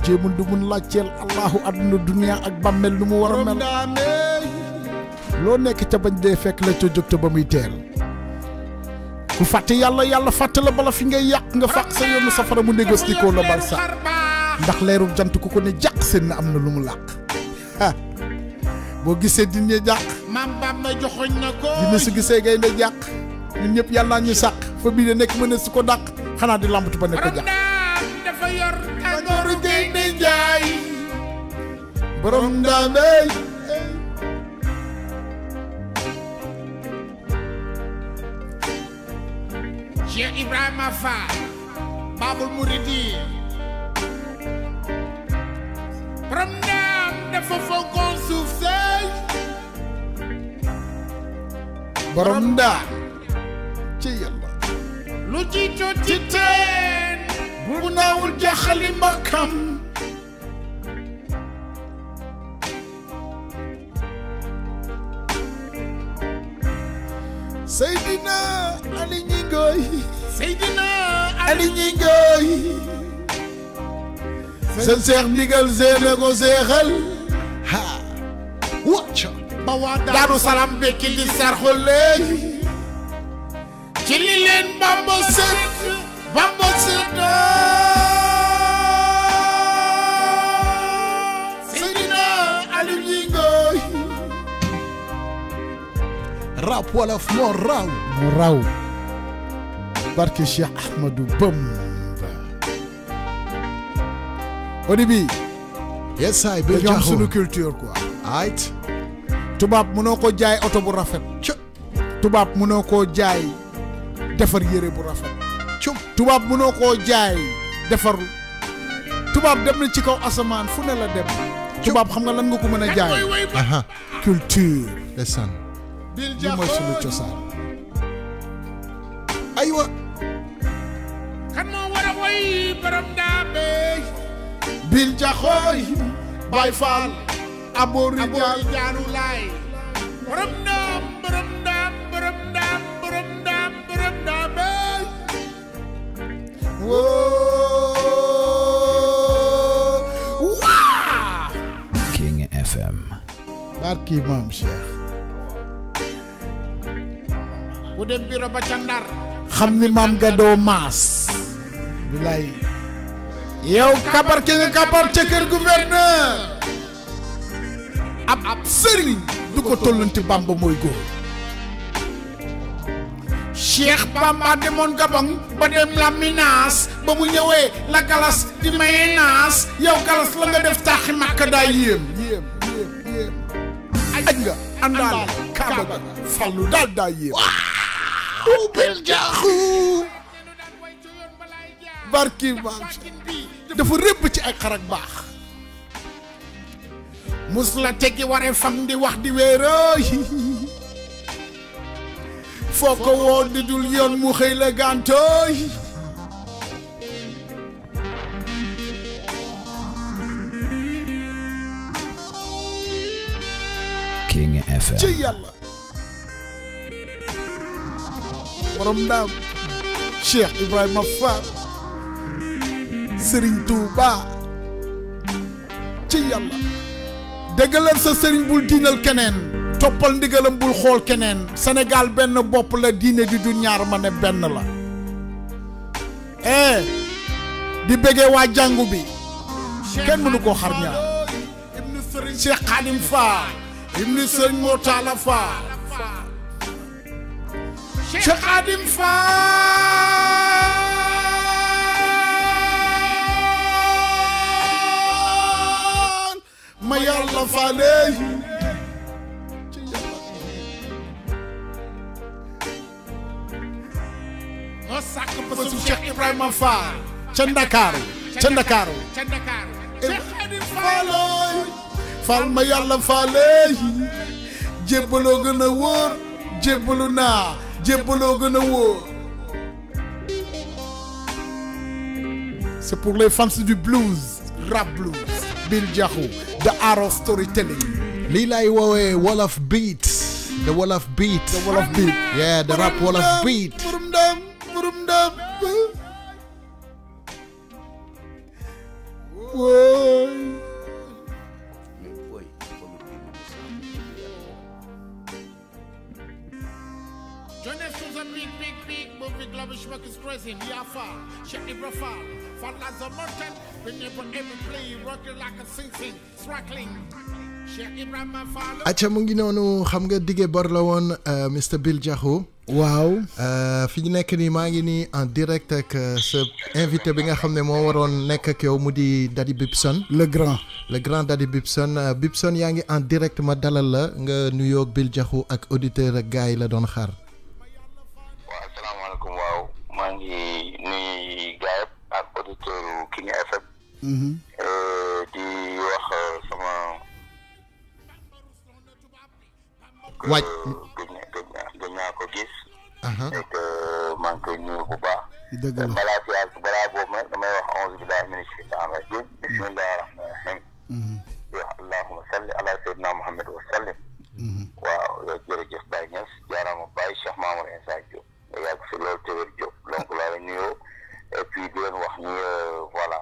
téemul du mun laajteel allahu àdduna dunia loo nekk ca bañ dee fekk la ca jóg ku fàtte yàlla yàlla fàtte la bala fi ngay yàq nga fàq sa yoonu safara mu négocie koo la bal sax ndax leerub jant ku ko ne jàq seen na am na lu mu làq boo gisee dine jàq maam baam na joxoñ na su gisee gaynde jàq ñun ñëpp yàlla ñu sàq fa bii de nekk mënees su ko dàq xanaa di làmbatu ba ne ko jàq borom daamey Cheikh Ibrahima Fall Babul Muridi borom daam dafa fonkoon suuf sey borom daam ci yàlla lu jiitoo ci teen bu naawul jaxali makam Seydina Ali Gningoy. Seydina Ali Gningoy. seen seex ndigal seene ko seexal. ha wacca. ba waa Daaru Salaam bekki di sarxul leen. ci li leen Bamba set Bamba set rap wolof moo raw mu raw barke Cheikh Ahmadou Bamba odi bi yesaay bi ñoom suñu culture quoi ayt tubaab mënoo ko jaay oto bu rafet tubaab mënoo koo jaay defar yére bu rafet tubaab noo koo jaay defar tubaab dem na ci kaw asamaan fu ne la dem tubaab xam nga lan nga ko mën a jaay culture ndeysaan li mooy sunu cosaan aywa kan moo war a woy borom daa béy bil jaxooy bay faal aboori jaanu laay borom daam borom daam borom daam borom daam borom daa béy woo waa King FM barki maam Cheikh mu dem biro ba ca xam ni maam nga doo maas bilaay yow kabar ki nga kabar ca kër ab ab sëriñ du ko tollanti Bamba mooy góor Cheikh Bamba demoon Gabon ba dem la Minas ba mu ñëwee la galas di maye naas yow galas la nga def taaxi màkka daa yéem yéem yéem aj kaaba ga fàllu daal daa tuubal jaaxu barki maam dafa rëbb ci ay xarak baax mus la tegi waree fam di wax di wéeroo foo ko woo dul yoon mu xëy la gàntooy King FM ci borom ndaam Cheikh Ibrahima Fall Serigne Touba ci yàlla déggalal sa Serigne bul diinal keneen toppal ndigalam bul xool keneen senegaal benn bopp la diine di du ñaar ma ne benn la eh di bëggee waa jàngu bi kenn mënu koo xar ñaar Cheikh Khadim Fall ibnu Serigne Moutala Fall Cheikh Khadim ca Ndakaaru ca ma yàlla falee jébbaloo gën a wóor jébbalu jébbaloo gën a wóor pour les fans du blues rap blues Bill Diakhou the art of storytelling lii laay woowee wolof beat the wolof yeah the rap wolof beat acca mu ngi noonu xam nga dige bor la woon euh, Mr Bill Diakhou waaw euh, fi ñu nekk nii maa ngi nii en direct ak euh, sa invité bi nga xam ne moo waroon nekk ak yow mu di Daddy Bibson le grand le grand Daddy Bibson Bibson yaa ngi en direct ma dalal la nga nuyoo Bill jaxu ak auditeur ak gars yi la doon xaar waaw asalaamaaleykum waaw maa ngi nuyu gars ak auditeur King FM mm-hmm. di wax sama waaj euh, gëj na gëj na gëj naa ko gis. et maa ngi koy nuyu bu baax. dëgg la balaa ci àll balaa boobu nag damay wax onze billahi min shaytaan rajim mm. bismillahi rahmani rahim. Mm-hmm. yow allahuma salli ala sayyidina muhammad wa sallim. Mm-hmm. waaw yow jërëjëf Baye Niass jaaraama Baye Cheikh Mamour Insa Diop. nga yàgg fi loolu téwér Diop donc laa la nuyoo et puis di leen wax ni euh, voilà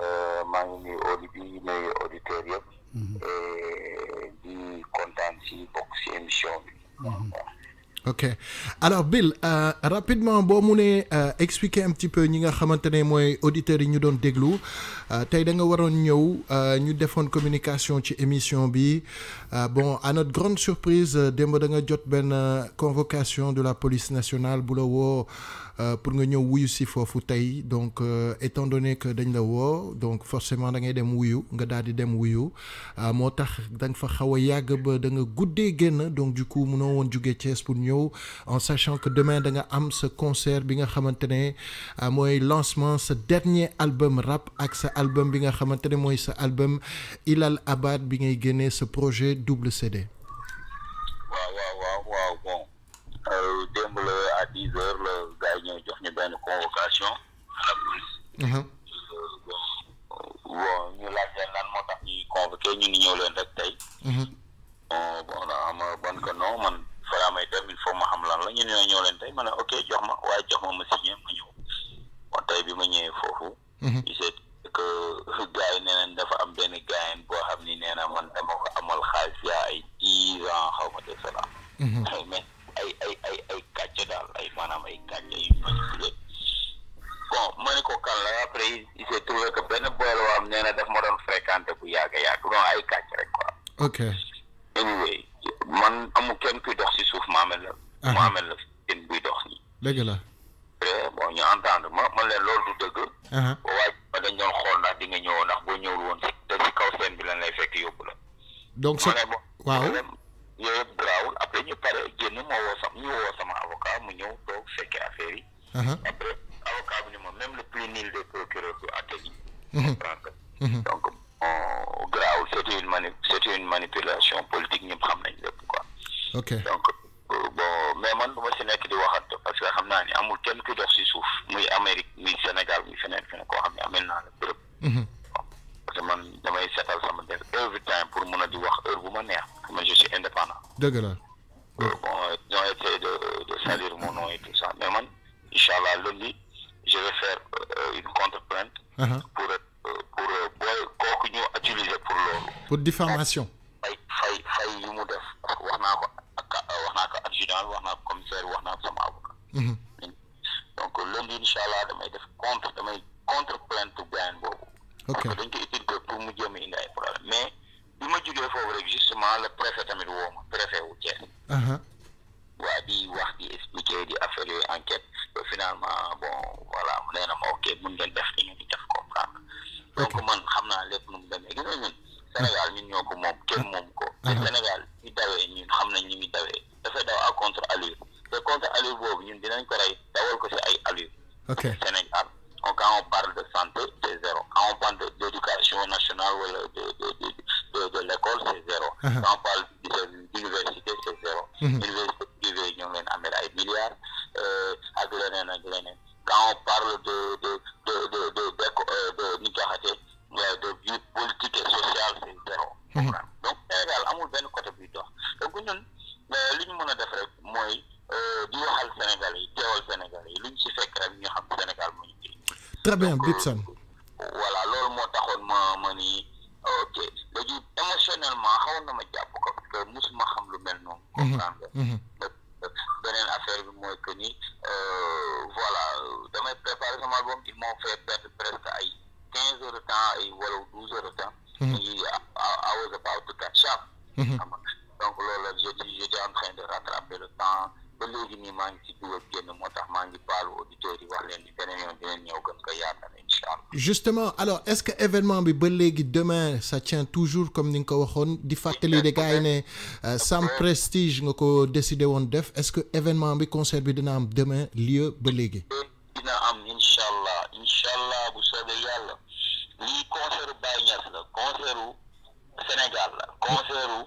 euh, maa ngi nuyu audi bi nuyu auditeurs yëpp. Euh, di kontaan si bokk si émission bi. Mm-hmm. ok alors Bill euh, rapidement boo mu ne euh, expliquer un petit peu ñi nga xamante ne mooy auditeurs yi ñu doon déglu tey da nga waroon ñëw ñu defoon communication ci émission bi bon à notre grande surprise démb da nga jot benn convocation de la police nationale bu la woo. Euh, pour nga ñëw wuyu si foofu tey donc euh, étant donné que dañ la woo donc forcément da ngay dem wuyu nga daal di dem wuyu euh, moo tax da fa xaw a yàgg ba da nga guddee génn donc du coup mënoo woon jugee Thiès pour ñëw en sachant que demain da nga am sa concert bi nga xamante ne mooy lancement sa dernier album rap ak sa album bi nga xamante ne mooy sa album Ilal Abad bi ngay génnee sa projet double CD. waaw waaw waaw bon yi ñëw jox ñu benn convocation à uh-huh. ñu laaj leen lan moo tax ñuy convoqué ñu ni ñëw leen rek tey. Uh-huh. bon bon ama ban que non man may dem il ma xam lan la ñu ne la ñëw leen tey ma ne ok jox ma waaye jox ma ma signé ma ñëw bon tey bi ma ñëwee foofu. Uh-huh. que gars yi nee nañ dafa am benn gaayen boo xam ni nee na man dama ko amal xaalis yaa ay dix ans xaw ma des salaam. ay ay ay ay daal ay maanaam ay kàcce bon ma ne ko kan la après il s'est trouvé que benn boy la am nee na daf ma doon fréquenté bu yàgg a yàgg non ay kàcce rek quoi. ok anyway man amu kenn kuy dox si suuf maa mel la. maa ah. mel la kenn buy dox nii. dëgg la. Eh, bon ñu entendre ma man leen loolu du dëgg. Ah. waaye ma dañ doon xool ndax di nga ñëw ndax boo ñëwul woon si kaw seen bi lan lay fekk yóbbu la. donc waaw. yooyu yëpp garaawul après ñu pare génn moo woo sama ñu woo sama avocat mu ñëw toog fekkee affaire yi. Uh-huh. après avocat bi ni ma même le plus nul des procureurs du àtte uh-huh. uh-huh. donc garaawul c' une mani c' était une xam nañ lépp quoi. ok donc euh, bon mais man du ma nekk di waxat parce que xam naa ni amul kenn ku dox si suuf muy Amérique muy Sénégal muy feneen feneen koo xam dëgg la bon ñoo de de mon nom et tout ça mais man allah lundi je vais faire euh, une contre-plainte. Uh-huh. pour euh, pour booy euh, pour loolu. affaire bi mooy que ni euh, voilà damay préparer sama album ils m'ont fait perdre presque ay quinze heures de douze heures temps. I was about to catch up. donc loolu la j' en train de rattraper le temps. ba léegi tax maa ngi baalu justement alors est-ce que événement bi ba léegi demain ça tient toujours comme ni nga ko waxoon di fàttali de gars yi ne euh, nga ko décidé woon def est-ce que événement bi concert dina am demain lieu ba léegi. dina am incha allah incha allah bu soobee yàlla lii concert Baye Niass la concert Sénégal la concert.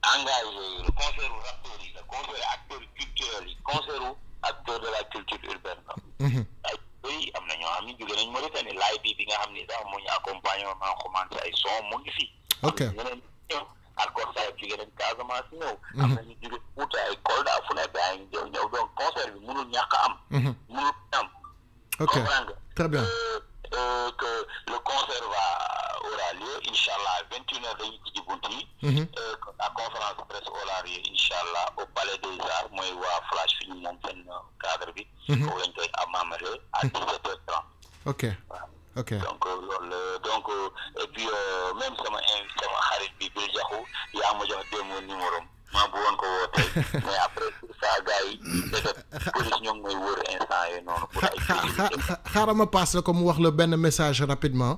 engagé yooyu le concert u rappeurs yi le concert acteur culturel concert u acteur de la culture urbaine la mhm. ay bëri am na ñoo xam ne jóge nañ Mauritanie laay bi bi nga xam ni sax moo ñu accompagnement commencé ay son mu ngi fi ok ñeneen ñëw alcool sax jóge mhm. am nañu jóge Fuuta ay Kolda fu nekk ay ñëw ñëw donc concert bi mënul ñàkk am mhm. mënul am ok comprendre bien euh, euh, que le concert va, aura lieu, Inch'Allah, à 21h de Djibouti. Mm -hmm. euh, la conférence de presse aura lieu, Inch'Allah, au Palais des Arts, moi, euh, mhm. à Flash Film, mon cadre, à 17h30. Ok. Voilà. ok donc euh, loolu donc euh, et puis même sama invité sama xarit bi Bil Diakhou yaa maa bëggoon ko woo mais après saa gars yi. xaaral ma paas la ko mu wax la benn message rapidement.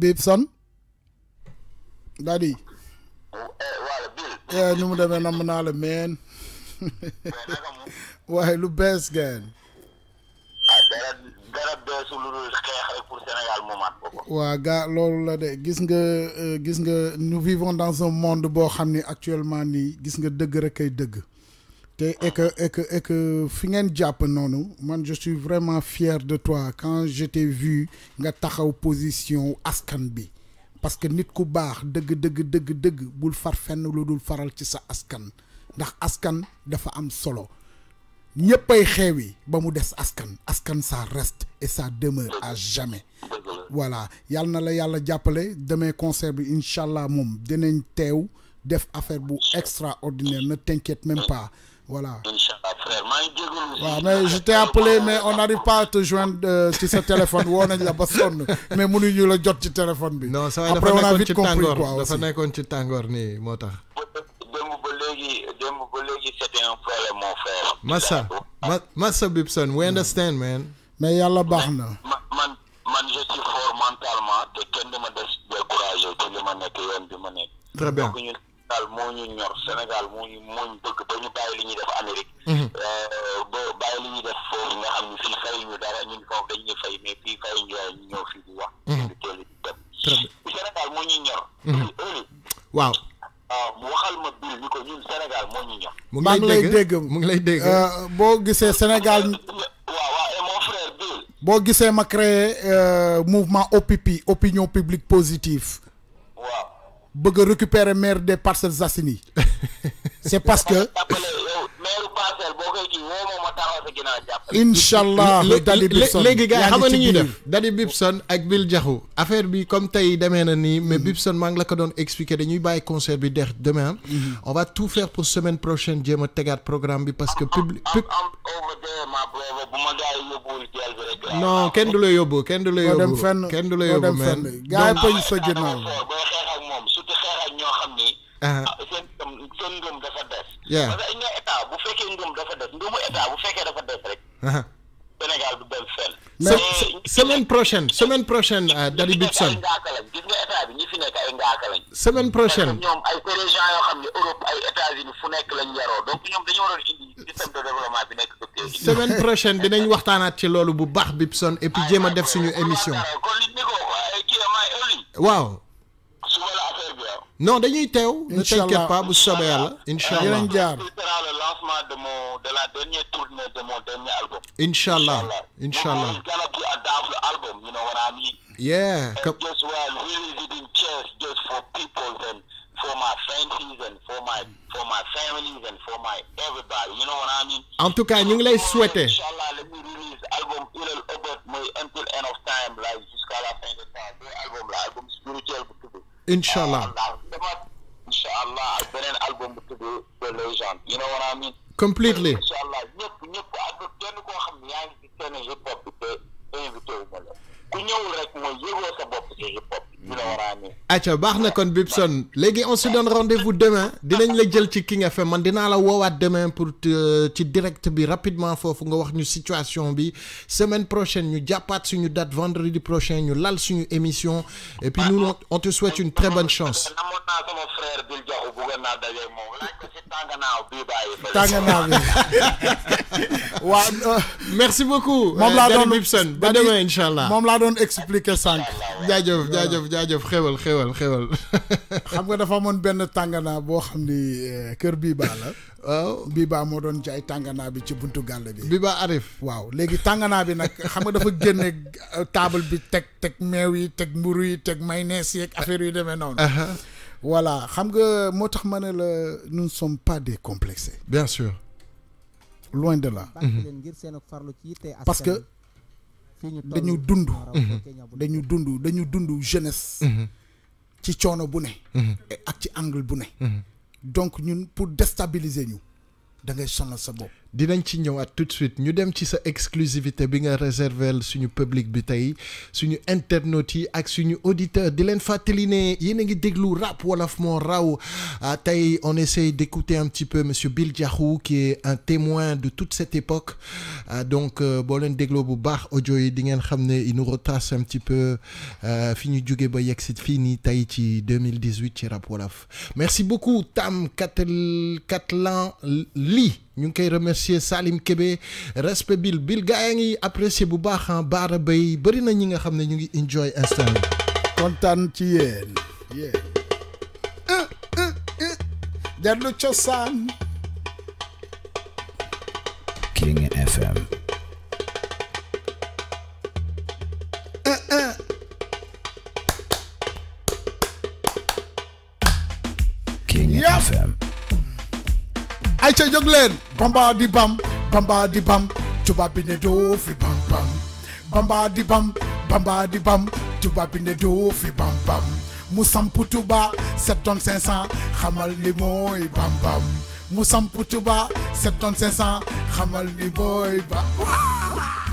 Bip son. daal eh, eh, mu demee namm naa la meen. waaye lu bees ngeen. dara beesu lu dul xeex rek pour Sénégal moomaat boppam. waa gaa loolu la de gis nga euh, gis nga nous vivons dans un monde boo xam ni actuellement nii gis nga dëgg rekk ay dëgg. te et que et fi ngeen jàpp noonu man je suis vraiment fier de toi quand je t'ai vu nga taxaw position askan bi parce que nit ku baax dëgg dëgg dëgg dëgg bul far fenn lu dul faral ci sa askan ndax askan dafa am solo. ñëpp ay xeew yi ba mu des askan askan ça reste et ça demeure à jamais voilà yàlla na la yàlla jàppale demee concert bi incha allah moom dinañ teew def affaire bu extraordinaire ne t'inquiète même pas voilà waaw mais je t'ai appelé mais on n'arrive pas à te joindre euh, ci sa téléphone woo nañ la ba sonn mais mënuñu la jot ci téléphone bi non après on a vite compris quoi dafa nekkoon ci tàngoor nii moo tax Massa ma Massa Bibson we understand man. mais yàlla baax na. man man man je suis fort te kenn dama des découragé ci li ma nekk yoon bi ma nekk. très bien donc ñun daal moo ñu ñor Sénégal moo ñu moo ñu bëgg ba ñu bàyyi li ñuy def Amérique. Mhm. Euh, ba bàyyi li ñuy def foofu nga xam ne fii fay ñu dara ñun foofu dañ ñu mais fii fay ñu ñu ñëw fii di wax. ñu mhm. a bien Sénégal moo ñu ñor. Mhm. waaw. mu waxal ma ngi lay dégg mu ngi lay dégg euh, boo gisee Sénégal. boo gisee ma créé euh, mouvement OPP opinion publique positive. waaw. bëgg a récupérer maire des Parcelles Assainies c'est parce que. incha allah léegi gars yi xam nga ni ñuy def dadi Bibson ak Bill Diakhou affaire bi comme tey demee na nii mais mm. Bibson maa ngi la ko doon expliquer dañuy bàyyi concert bi dex demain mm-hmm. on va tout faire pour semaine prochaine jéem a tegaat programme bi parce que public non kenn du la yóbbu kenn du la yóbbu kenn du la yóbbu man gars yi pëñ Uh-huh. Ah, seen seen ngëm dafa des. parce que nga état bu fekkee ngëm dafa des ngëmu état bu fekkee uh-huh. du dem fenn. mais semaine prochaine semaine prochaine uh, Dari Bibson. gis nga état bi ñi fi nekk ay ngaaka lañ. semaine ñoom ay régions yoo xam nekk lañ yaroo donc ñoom dañu waroon indi système de bi nekk dëkk semaine prochaine dinañ waxtaanaat ci loolu bu baax Bibson et puis jéem a def suñu émission. waaw. suba la affaire bi ah. non dañuy teew. incha allah ne tey pas bu soobee yàlla. incha euh, allah yeneen jaar ce sera le lancement de mon de la dernière tournée de mon dernier album. incha allah incha allah you know, gonna be a double album, you know what I mean? yeah. And just where I really didn't chase just for people and for my friends and for my for my families and for my everybody, you know what I mean? en tout cas ñu ngi lay souhaiter. incha allah let me release album Oulel Obot mooy until end of time like jusqu'à la fin de temps album la album spirituel bu tudd. incha allah ah, incha allah ak beneen album bu tudd bi Legend you know what I mean completely incha allah ñëpp ñëpp ak kenn koo xam ne ngi hip hop bi te invité wu ma ku ñëwul rek mooy yëgoo sa bopp ci hip hop bi a acca baax na kon Bibson léegi on se donne rendez-vous demain dinañ la jël ci ki nga FM man dinaa la woowaat demain pour ci direct bi rapidement foofu nga wax ñu situation bi semaine prochaine ñu jàppaat suñu date vendredi prochain ñu lal suñu émission et puis nous on te souhaite une très bonne chance. amoon bi waaw euh, merci beaucoup. moom laa euh, doon Bibson ba demain incha allah. doon expliquer sànq jaajëf jaajëf jaajëf xewal xewal xewal xam nga dafa amoon benn tànganaa boo xam ni eh, kër Biba la waaw Biba moo doon jaay tànganaa bi ci buntu gàll bi Biba Arif waaw léegi tànganaa bi nag xam nga dafa génne euh, taabal bi teg teg meew yi teg mburu yi teg mayonnaise yeeg affaire yu demee noonu uh-huh. voilà xam nga moo tax ma ne la nu ne sommes pas décomplexés bien sûr loin de là dañu dund dañu dundu dañu dund jeunesse mhm. ci coono bu ne mhm. ak ci angle bu ne mhm. donc ñun pour déstabiliser ñu da ngay sa bopp dinañ ci ñëwaat tout de suite ñu dem ci sa exclusivité bi nga réservel suñu public bi tey suñu internautes yi ak suñu auditeur di leen fàttali ne yéen a ngi déglu rap wolof moo raw ah, tey on essaye d'écouter un petit peu monsieur Bill Diakhou qui est un témoin de toute cette époque ah, donc euh, boo leen dégloo bu baax ojo yi di ngeen xam ne il nous retrace un petit peu euh, fi ñu jóge ba yegg si fii nii tey ci 2018 ci rap wolof merci beaucoup Tam Katlan lii ñu ngi koy remercier Salim Kébé respect bil bil gaa yaa ngi apprécier bu baax ah, Baara Bay bëri na ñi nga xam ne ñu ngi enjoy instant yi. kontaan ci yéen ah, ah, cosaan. King FM. King FM. ay ca jóg leen bamba di bam bamba di bam tubaab bi fi bam bam bamba di bam bamba di bam tubaab bi fi bam bam mu samp Tuuba cent xamal li mooy bam bam mu samp Tuuba xamal li mooy bam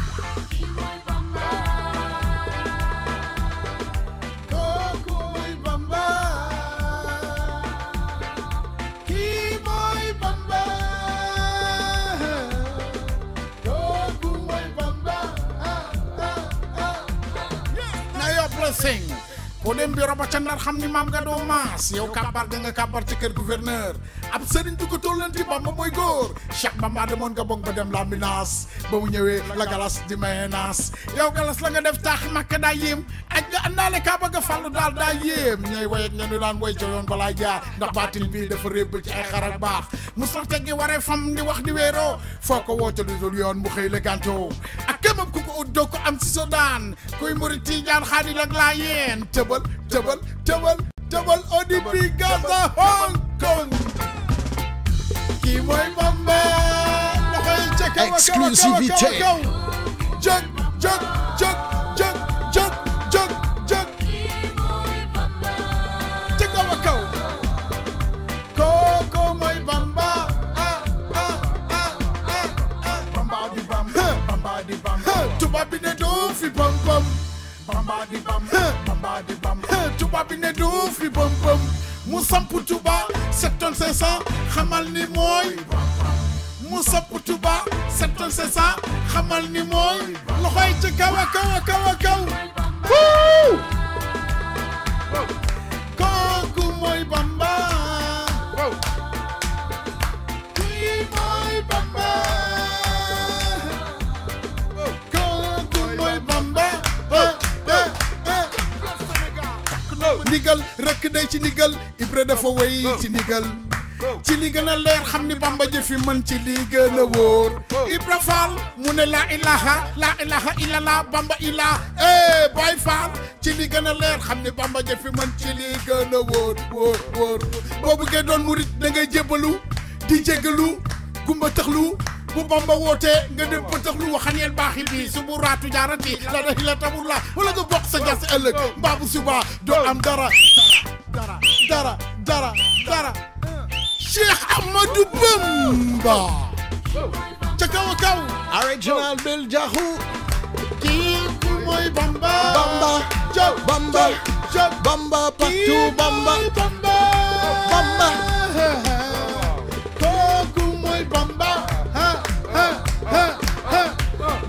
ko dem bureau ba ca Ndar xam ni maam nga doo maas yow kàbbar ga nga kàbbar ci kër gouverneur ab sëriñ du ko tollanti Bamba mooy góor Cheikh Bamba demoon nga bong ba dem la minaas ba mu ñëwee la galas di maye naas yow galas la nga def taax makka daa a aj nga àndaale kaa bëgg a fàllu daal daa yéem ñooy woy ak ñenu daan woy ca ndax baatil bii dafa rébb ci ay baax mu sax teggi waree fam di wax di wéeroo foo ko woote du yoon mu xëy la gàntoo ak këmam ku ko ut doo ko am si so daan kuy murit tiijaan xaadir ak laa yeen tëbal tëbal tëbal tëbal bi Gaza kii mooy Bamba dafay ca kaw exclusivité jóg jóg jóg jóg jóg jóg jóg ca kaw a kaw kooku mooy Bamba ah ah ah ah, ah. Bamba di Bamba Bamba di Bamba tubaab bi ne doo fi bam bam Bamba di Bamba Bamba di Bamba tubaab bi ne doo fi bam bam mu samp Touba 7 tonnes 500 xamal ni mooy mu samp Touba 7 tonnes 500 xamal ni mooy loxoy ci kaw a kaw a kaw a kaw kooku mooy Bamba ndigal rëkk day ci ndigal Ibra dafa way ci ndigal ci li gën a leer xam ni Bamba jëfi mën ci li gën a wóor Ibra Fall mu ne laa ilaha laa ilaha illallah Bamba ilah eh Baye Fall ci li gën a leer xam ni Bamba jëfi mën ci li gën a wóor wóor wóor boo bëggee doon murit da jébbalu di jéggalu gumba bu bamba wootee nga dem pëtëx lu waxaneel baaxi bi su bu jaarati la dahi la tamul la wala nga bokk sa jas suba doo am dara dara dara dara dara Cheikh Bamba ca kaw a kaw original bel jaxu kii bamba bamba jaw bamba jaw bamba partout bamba bamba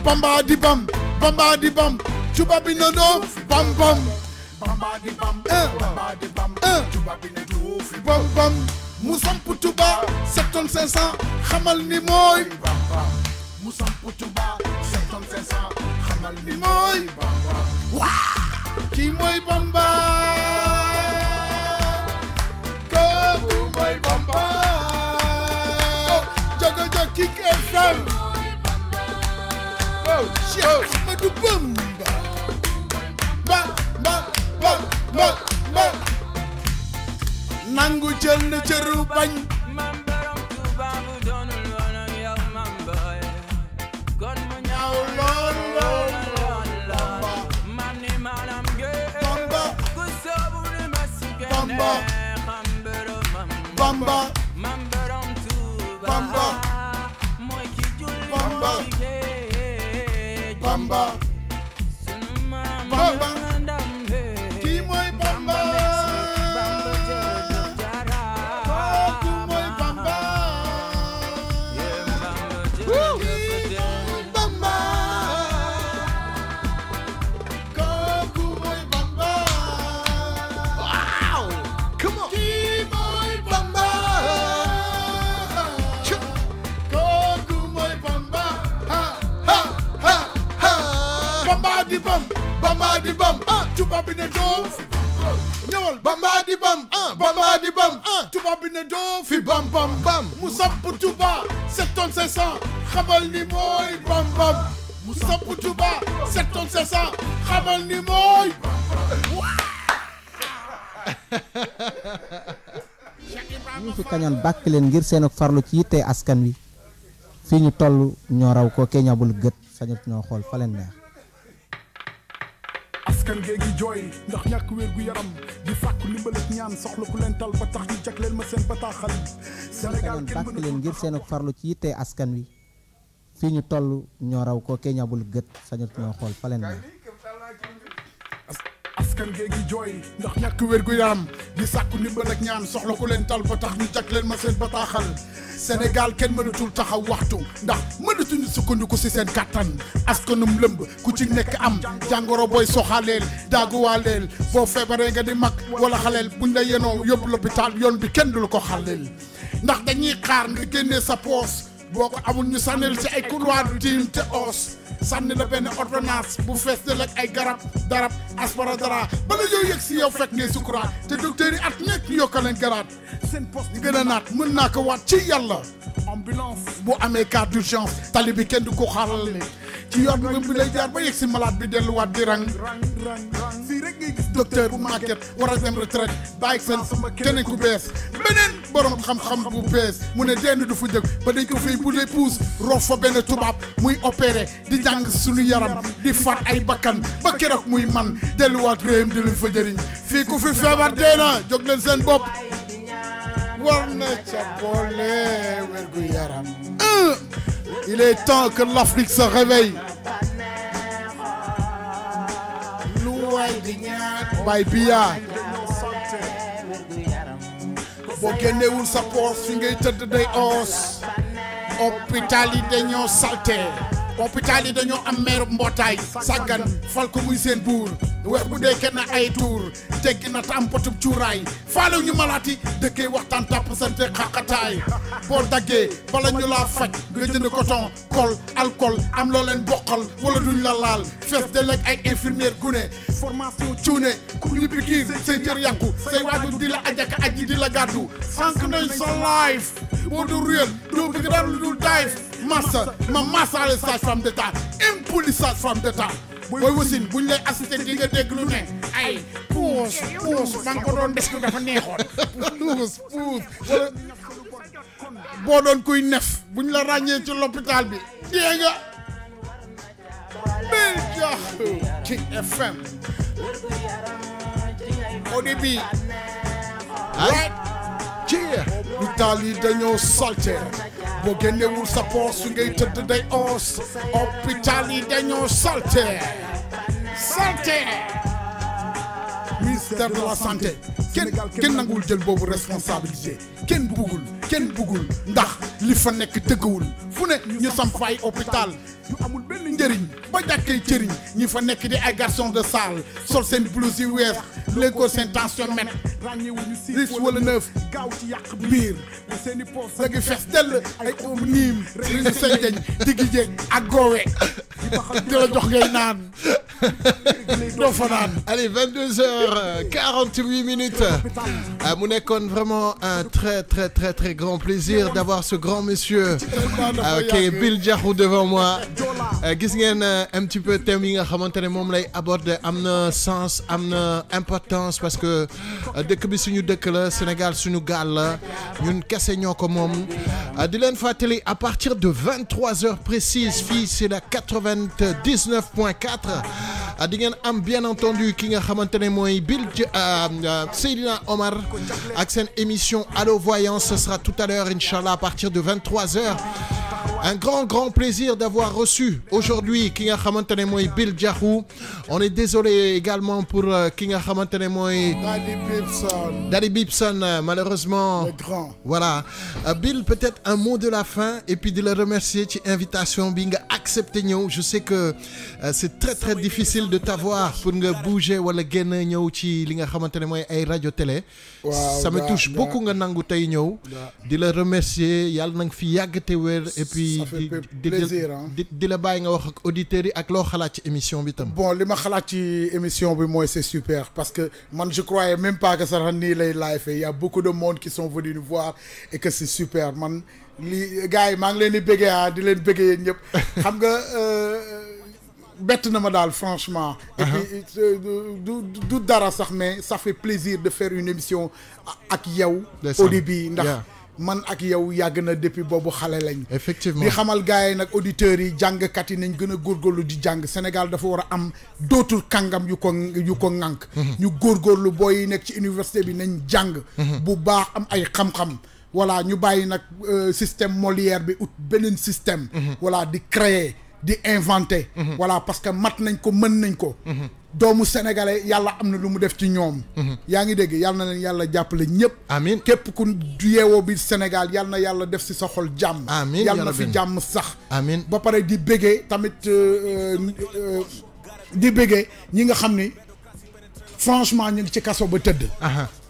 bamba di bam bamba di bam cuba bi na do bam bamba di bam bamba di bam cuba bi na do bam mu samp tuba sept tonnes xamal ni mooy bam mu samp tuba sept tonnes xamal ni mooy bam bam waa kii mooy bamba bamba jogo jog King FM oh Cheikh Bamba Bamba Bamba Bamba bamba di bam ah tubaab bi ne doo fi bam ñëwal bamba di bam ah bamba di bam ah tubaab bi ne doo fi bam bam bam mu samp Touba sept tonnes cinq cent xamal ni mooy bam bam mu samp Touba sept tonnes cinq cent xamal ni mooy ñu fi kañoon bàkk leen ngir seen farlu ci yitte askan wi fii ñu toll ñoo raw ko kee ñabul gët sañut ñoo xool fa leen neex askan gee gi jooy ndax ñàkk wér gu yaram di fàkku limbal ak ñaan soxla leen tal ba tax ñu jagleel ma seen bataaxal Sénégal bàkk leen ngir seen farlu ci yitte askan wi fii ñu toll ñoo raw ko kee ñabul gët sañut ñoo xool fa leen askan gee gi jooy ndax ñàkk wér gu yaram di sàkku ndimbal ak ñaan soxla ku leen tal ba tax ñu jag leen ma seen bataaxal Sénégal kenn mënatul taxaw waxtu ndax mënatuñu sukkandiku ci seen kàttan askanum lëmb ku ci nekk am jàngoro booy soxaaleel daaguwaaleel boo feebaree nga di mag wala xaleel buñ la yenoo yóbbu l'hôpital yoon bi kenn du la ko xaleel ndax dañuy xaar nga génnee sa poos boo ko amul ñu sànnil si ay couloir tiim te os sànni la benn ordonnance bu fees de ak ay garab darab asparadara bala yow yëg si yow fekk ngay sukuraat te docteur yi at nekk yokka leen garaat seen poste gën a naat mën naa ko waat ci yàlla ambulance bu amee cas d'urgence tali bi kenn du ko xaalal ci yoon bi lay jaar ba yëg si malaat bi delluwaat di rang ngay gis docteur bu màgget war a dem retraite bàyyi seen keneen ku bees beneen borom xam-xam bu bees mu ne denn du fa jóg ba dañ ko fay bu dee puus roof fa benn tubaab muy opéré di jàng suñu yaram di faat ay bakan ba keroog muy man delluwaat réewam di leen fa jëriñ ku fi feebar dee na jóg leen seen bopp war na ca boole wér gu yaram euh, il est temps que l'Afrique se bay biyaa boo génnewul sa poos fi ngay tëdd day oos hôpital yi dañoo salté hôpital yi dañoo am meeru mbootaay sàggan fal ko muy seen buur weer bu dee kenn ay tuur teggi na ta am potub cuuraay faalew ñu malaati dëkkee waxtaan tàpp sante xaqataay boo daggee bala ñu laa faj nga jënd coton kol alcool am loo leen bokkal wala duñ la laal fees de lekk ay infirmière gune formation cuune ku ñu pikiir say cër yàqu say waajur di la ajaka aji di la gàddu sànq nañ sa life boo du réel doo bëgg dara lu dul dive massa ma massaale sa from the top impolissage from the top booy wasin buñ lay assisté di nga dégg lu ne ay puus puus maa ngi ko doon def dafa neexoon puus puus wala boo doon kuy nef buñ la ràññee ci l'hôpital bi dee nga bil jox ci FM au début right ci hôpital yi dañoo salté boo génnewul sa poos su ngay tëdd day oos hôpital yi dañoo salte salte ministère de la santé kenn kenn nanguwul jël boobu responsabilité kenn bugul kenn bugul ndax li fa nekk dëggawul fu ne ñu samp fa ay hôpital yu amul benn njëriñ ba jàkkee cëriñ ñi fa nekk di ay garçon de salle sol seen blouse yu wees léegoo seen tensiomètre dix wala neuf biir da ngi fees dell ay om niim risu sa jeñ digi jeñ ak goowe di la jox ngay naan doo fa naan allez vingt deux heures quarante huit minutes euh, mu nekkoon vraiment un très très très très grand plaisir d'avoir ce grand monsieur Ah, ok Bill Diakhou devant moi euh, gis ngeen euh, un petit peu thème yi nga xamante ne moom lay aborder am na sens am na importance parce que euh, dëkk bi suñu dëkk la Sénégal suñu gaal kese ñoo ko moom di leen fàttali à partir de 23 heures précises fii c'est la 99 point 4 Ah, di ngeen am bien entendu ki nga xamante ne mooy Bill ah, ah, Seydina Omar ak seen émission Allo Voyance ce sera tout à de 23h un grand grand plaisir d'avoir reçu aujourd'hui ki nga xamante ne mooy Bill Diakhou on est désolé également pour euh, ki nga xamante ne mooy Daddy Bibson euh, malheureusement voilà euh, Bill peut-être un mot de la fin et puis la remercier ci invitation bi nga accepté ñëw je sais de t'avoir pour nga bouger wala génn ñëw ci li nga xamante ne mooy ay rajo télé. ça me touche beaucoup nga nangu tey ñëw. di la remercier yàlla na nga fi yàgg te wér. et puis di di la bàyyi nga wax ak auditeur yi ak loo xalaat ci émission bi tam. bon li ma xalaat ci émission bi mooy c'est super parce que man je croyais même pas que sax nii lay laay il y a beaucoup de monde qui sont venus nous voir et que c'est super man li gars yi maa ngi leen di bëggee ah di leen bëggee ñëpp xam nga. Euh, bett na ma daal franchement. et uh-huh. euh, du du dara sax mais ça fait plaisir de faire une émission ak yow. au début ndax. man ak yow yàgg na depuis boobu xale lañ. effectivement di xamal gars yi nag auditeurs yi jàngkat yi nañ gën a góor góorlu di jàng Sénégal dafa war a am dootul kàngam yu ko yu ko ŋànk. Uh-huh. ñu góorgóorlu booy yi nekk ci université bi nañ jàng. Uh-huh. bu baax am ay xam-xam. voilà ñu bàyyi nag euh, système Molière bi ut beneen système. voilà di créer. di inventé mhm. voilà parce que mat nañ ko mën nañ ko mhm. doomu sénégalais yàlla am na lu mu def ci ñoom mhm. yaa ngi dégg yàlla na leen yàlla jàppale ñëpp amiin képp ku yeewoo bi sénégal yàlla na yàlla def si sa xol jàmm amiin yàlla na fi jàmm sax amiin ba pare di bëggee tamit euh, euh, euh, di bëggee ñi nga xam ni franchement ñu ngi ci kaso ba tëdd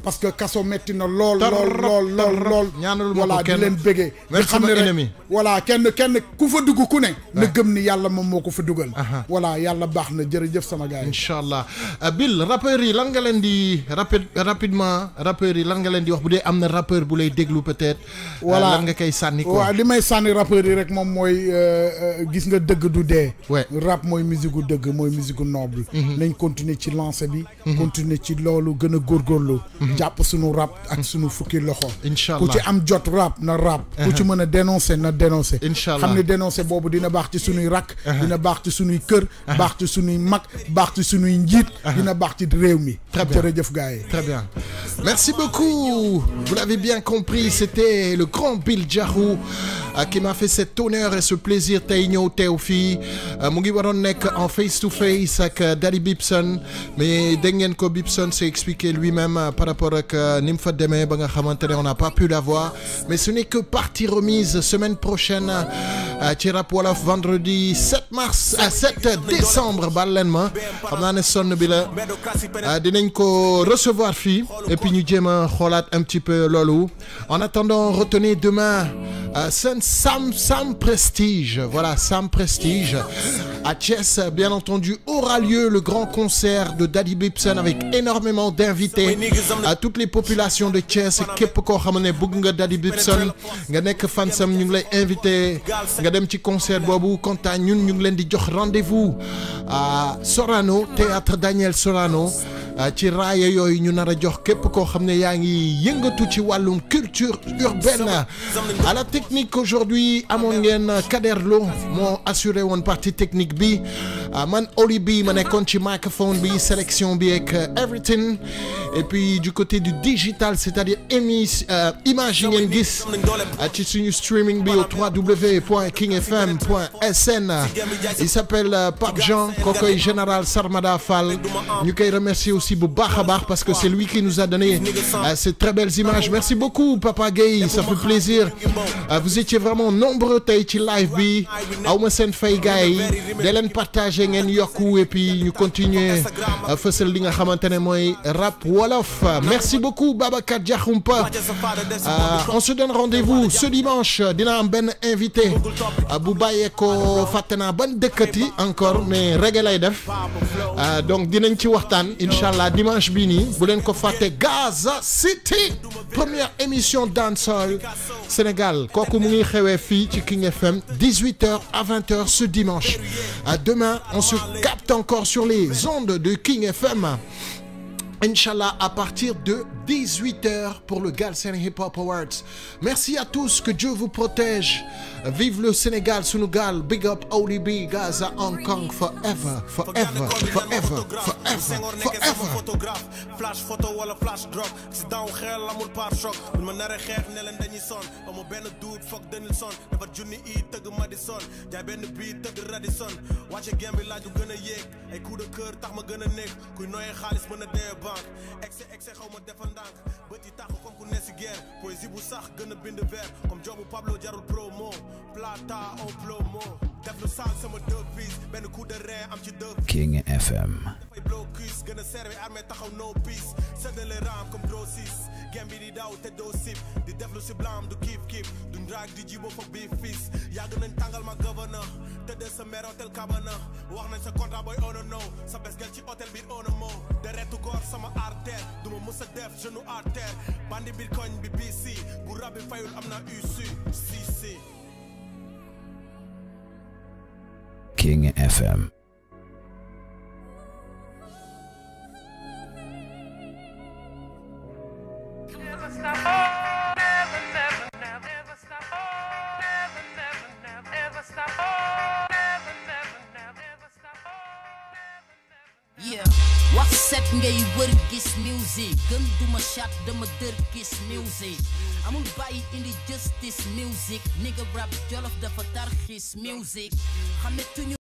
parce que kaso metti na lool lool lool lool lool voilà di leen bégee di xam ne rek voilà kenn kenn ku fa dugg ku ne ah. na gëm ni yàlla moom moo ko fa dugal voilà yàlla baax na jërëjëf sama gars yi incha allah euh, Bill rappeurs yi lan nga leen di rapide rapidement rappeurs yi lan nga di wax bu dee am na rappeur bu lay déglu peut-être euh, voilà nga koy sànni quoi li may sànni rappeurs yi rek moom mooy euh, gis nga dëgg du dee rap mooy musique gu dëgg mooy musique gu bi mhm. nañ continuer ci lancé bi mhm. continuer ci loolu gën a góorgóorlu mhm. Mm-hmm. jàpp suñu rap ak mm-hmm. suñu fukki loxo. incha allah ku ci am jot rap na rap. ku ci uh-huh. mën a dénoncé na dénoncé. incha allah xam ne dénoncé boobu dina baax ci suñuy rakk. Uh-huh. dina baax ci suñuy kër. Uh-huh. baax ci suñuy mag baax ci suñuy njiit. dina baax ci réew mi. très bien jërëjëf gars merci beaucoup vous l'avez bien compris c'était le grand Bill Diakhou euh, qui m'a fait cet honneur et ce plaisir tey ñëw teew fii mu ngi waroon nekk en face to face ak euh, Dali Bibson mais dégg ngeen ko Bibson s'est expliqué lui rapport ak euh, ni mu demee ba nga xamante ne on n'a pas pu la voir mais ce n'est que partie remise semaine prochaine euh, ci rap wolof vendredi 7 mars à euh, 7 décembre baal leen ma xam naa ne sonn bi la dinañ ko recevoir fii et puis ñu jéem a xoolaat un petit peu loolu en attendant retenez demain seen Sam Prestige voilà Sam Prestige à Thiès bien entendu aura lieu le grand concert de Daddy Bibson avec énormément d'invités à toutes les populations de Thiès képp koo xam ne bëgg nga Daddy Bibson nga nekk fansam ñu ngi lay invité nga dem ci concert boobu kontaan ñun ñu ngi leen di jox rendez-vous à Sorano théâtre Daniel Sorano ci raaya yooyu ñu nar a jox képp koo xam ne yaa ngi yëngatu ci wàllum culture urbaine à la technique aujourd'hui amoon ngeen Kader Lo moo assuré woon parti technique bi man Oli bi ma nekkoon ci microphone bi sélection bi ak everything et puis côté du digital c'est-à-dire émis euh, image yi ngeen gis euh, ci suñu streaming bi au www.kingfm.sn il s'appelle euh, Pape Jean kookoy général Sarmada Fall ñu koy remercier aussi bu baax a baax parce que c'est lui qui nous a donné ces très belles images merci beaucoup Papa Gueye ça plaisir vous étiez vraiment nombreux tey live bi awma seen fay gars yi da leen partager ngeen yokku et puis ñu continuer fësal li nga xamante ne mooy rap merci beaucoup Babacar Diakhoumpa euh, on se donne rendez-vous ce dimanche dina am benn invité bu bàyyeekoo fàtte naa ban dëkkati encore mais reggae lay def euh, donc dinañ ci waxtaan incha allah dimanche bii nii bu leen ko fàtte Gaza City première émission dancehall Sénégal kooku mu ngi fii ci King FM 18h à 20h ce dimanche demain on se capte encore sur les ondes de King FM. Inch'Allah, à partir de 18h pour le Galsen Hip Hop Awards. Merci à tous, que Dieu vous protège. Vive le Sénégal, Sunugal, Big Up, ODB, a Hong Kong, forever, forever, forever, forever, forever. Flash photo wala flash drop, si daw xel amul par choc. Buñ ma naree xeex ne leen dañuy son, amu benn duut foog Denilson. Dafa junni i tëgg Madison, jaay benn bii tëgg Radisson. Wàcce game bi laaju gën a yéeg, ay coup de cœur tax ma gën a nekk. Kuy nooyee xaalis mën a dee banque, excès excès lànk bët yi tàq comme ku ne si guerre poésie bu sax gën a bind vers comme jobu Pablo jarul promo plata au plomo def lu am ci dafay blocus gën a servi taxaw no peace seddale raam comme grossis gem bi di daw te doo sip di def lu si blam du kiif kiif du raag di jibo foog bii fiis yàgg nañ tàngal ma gouverneur tëddee sa mère hôtel Cabana wax nañ sa contrat booy ono oh no sa bes gel ci hôtel bi ono oh moo deretu góor sama artère duma mës a def genou King FM yeah set ngay wër gis music gën duma chat dama dër gis music amul bàyyi indi justice music nigga rap jolof dafa tarxis music xametuñu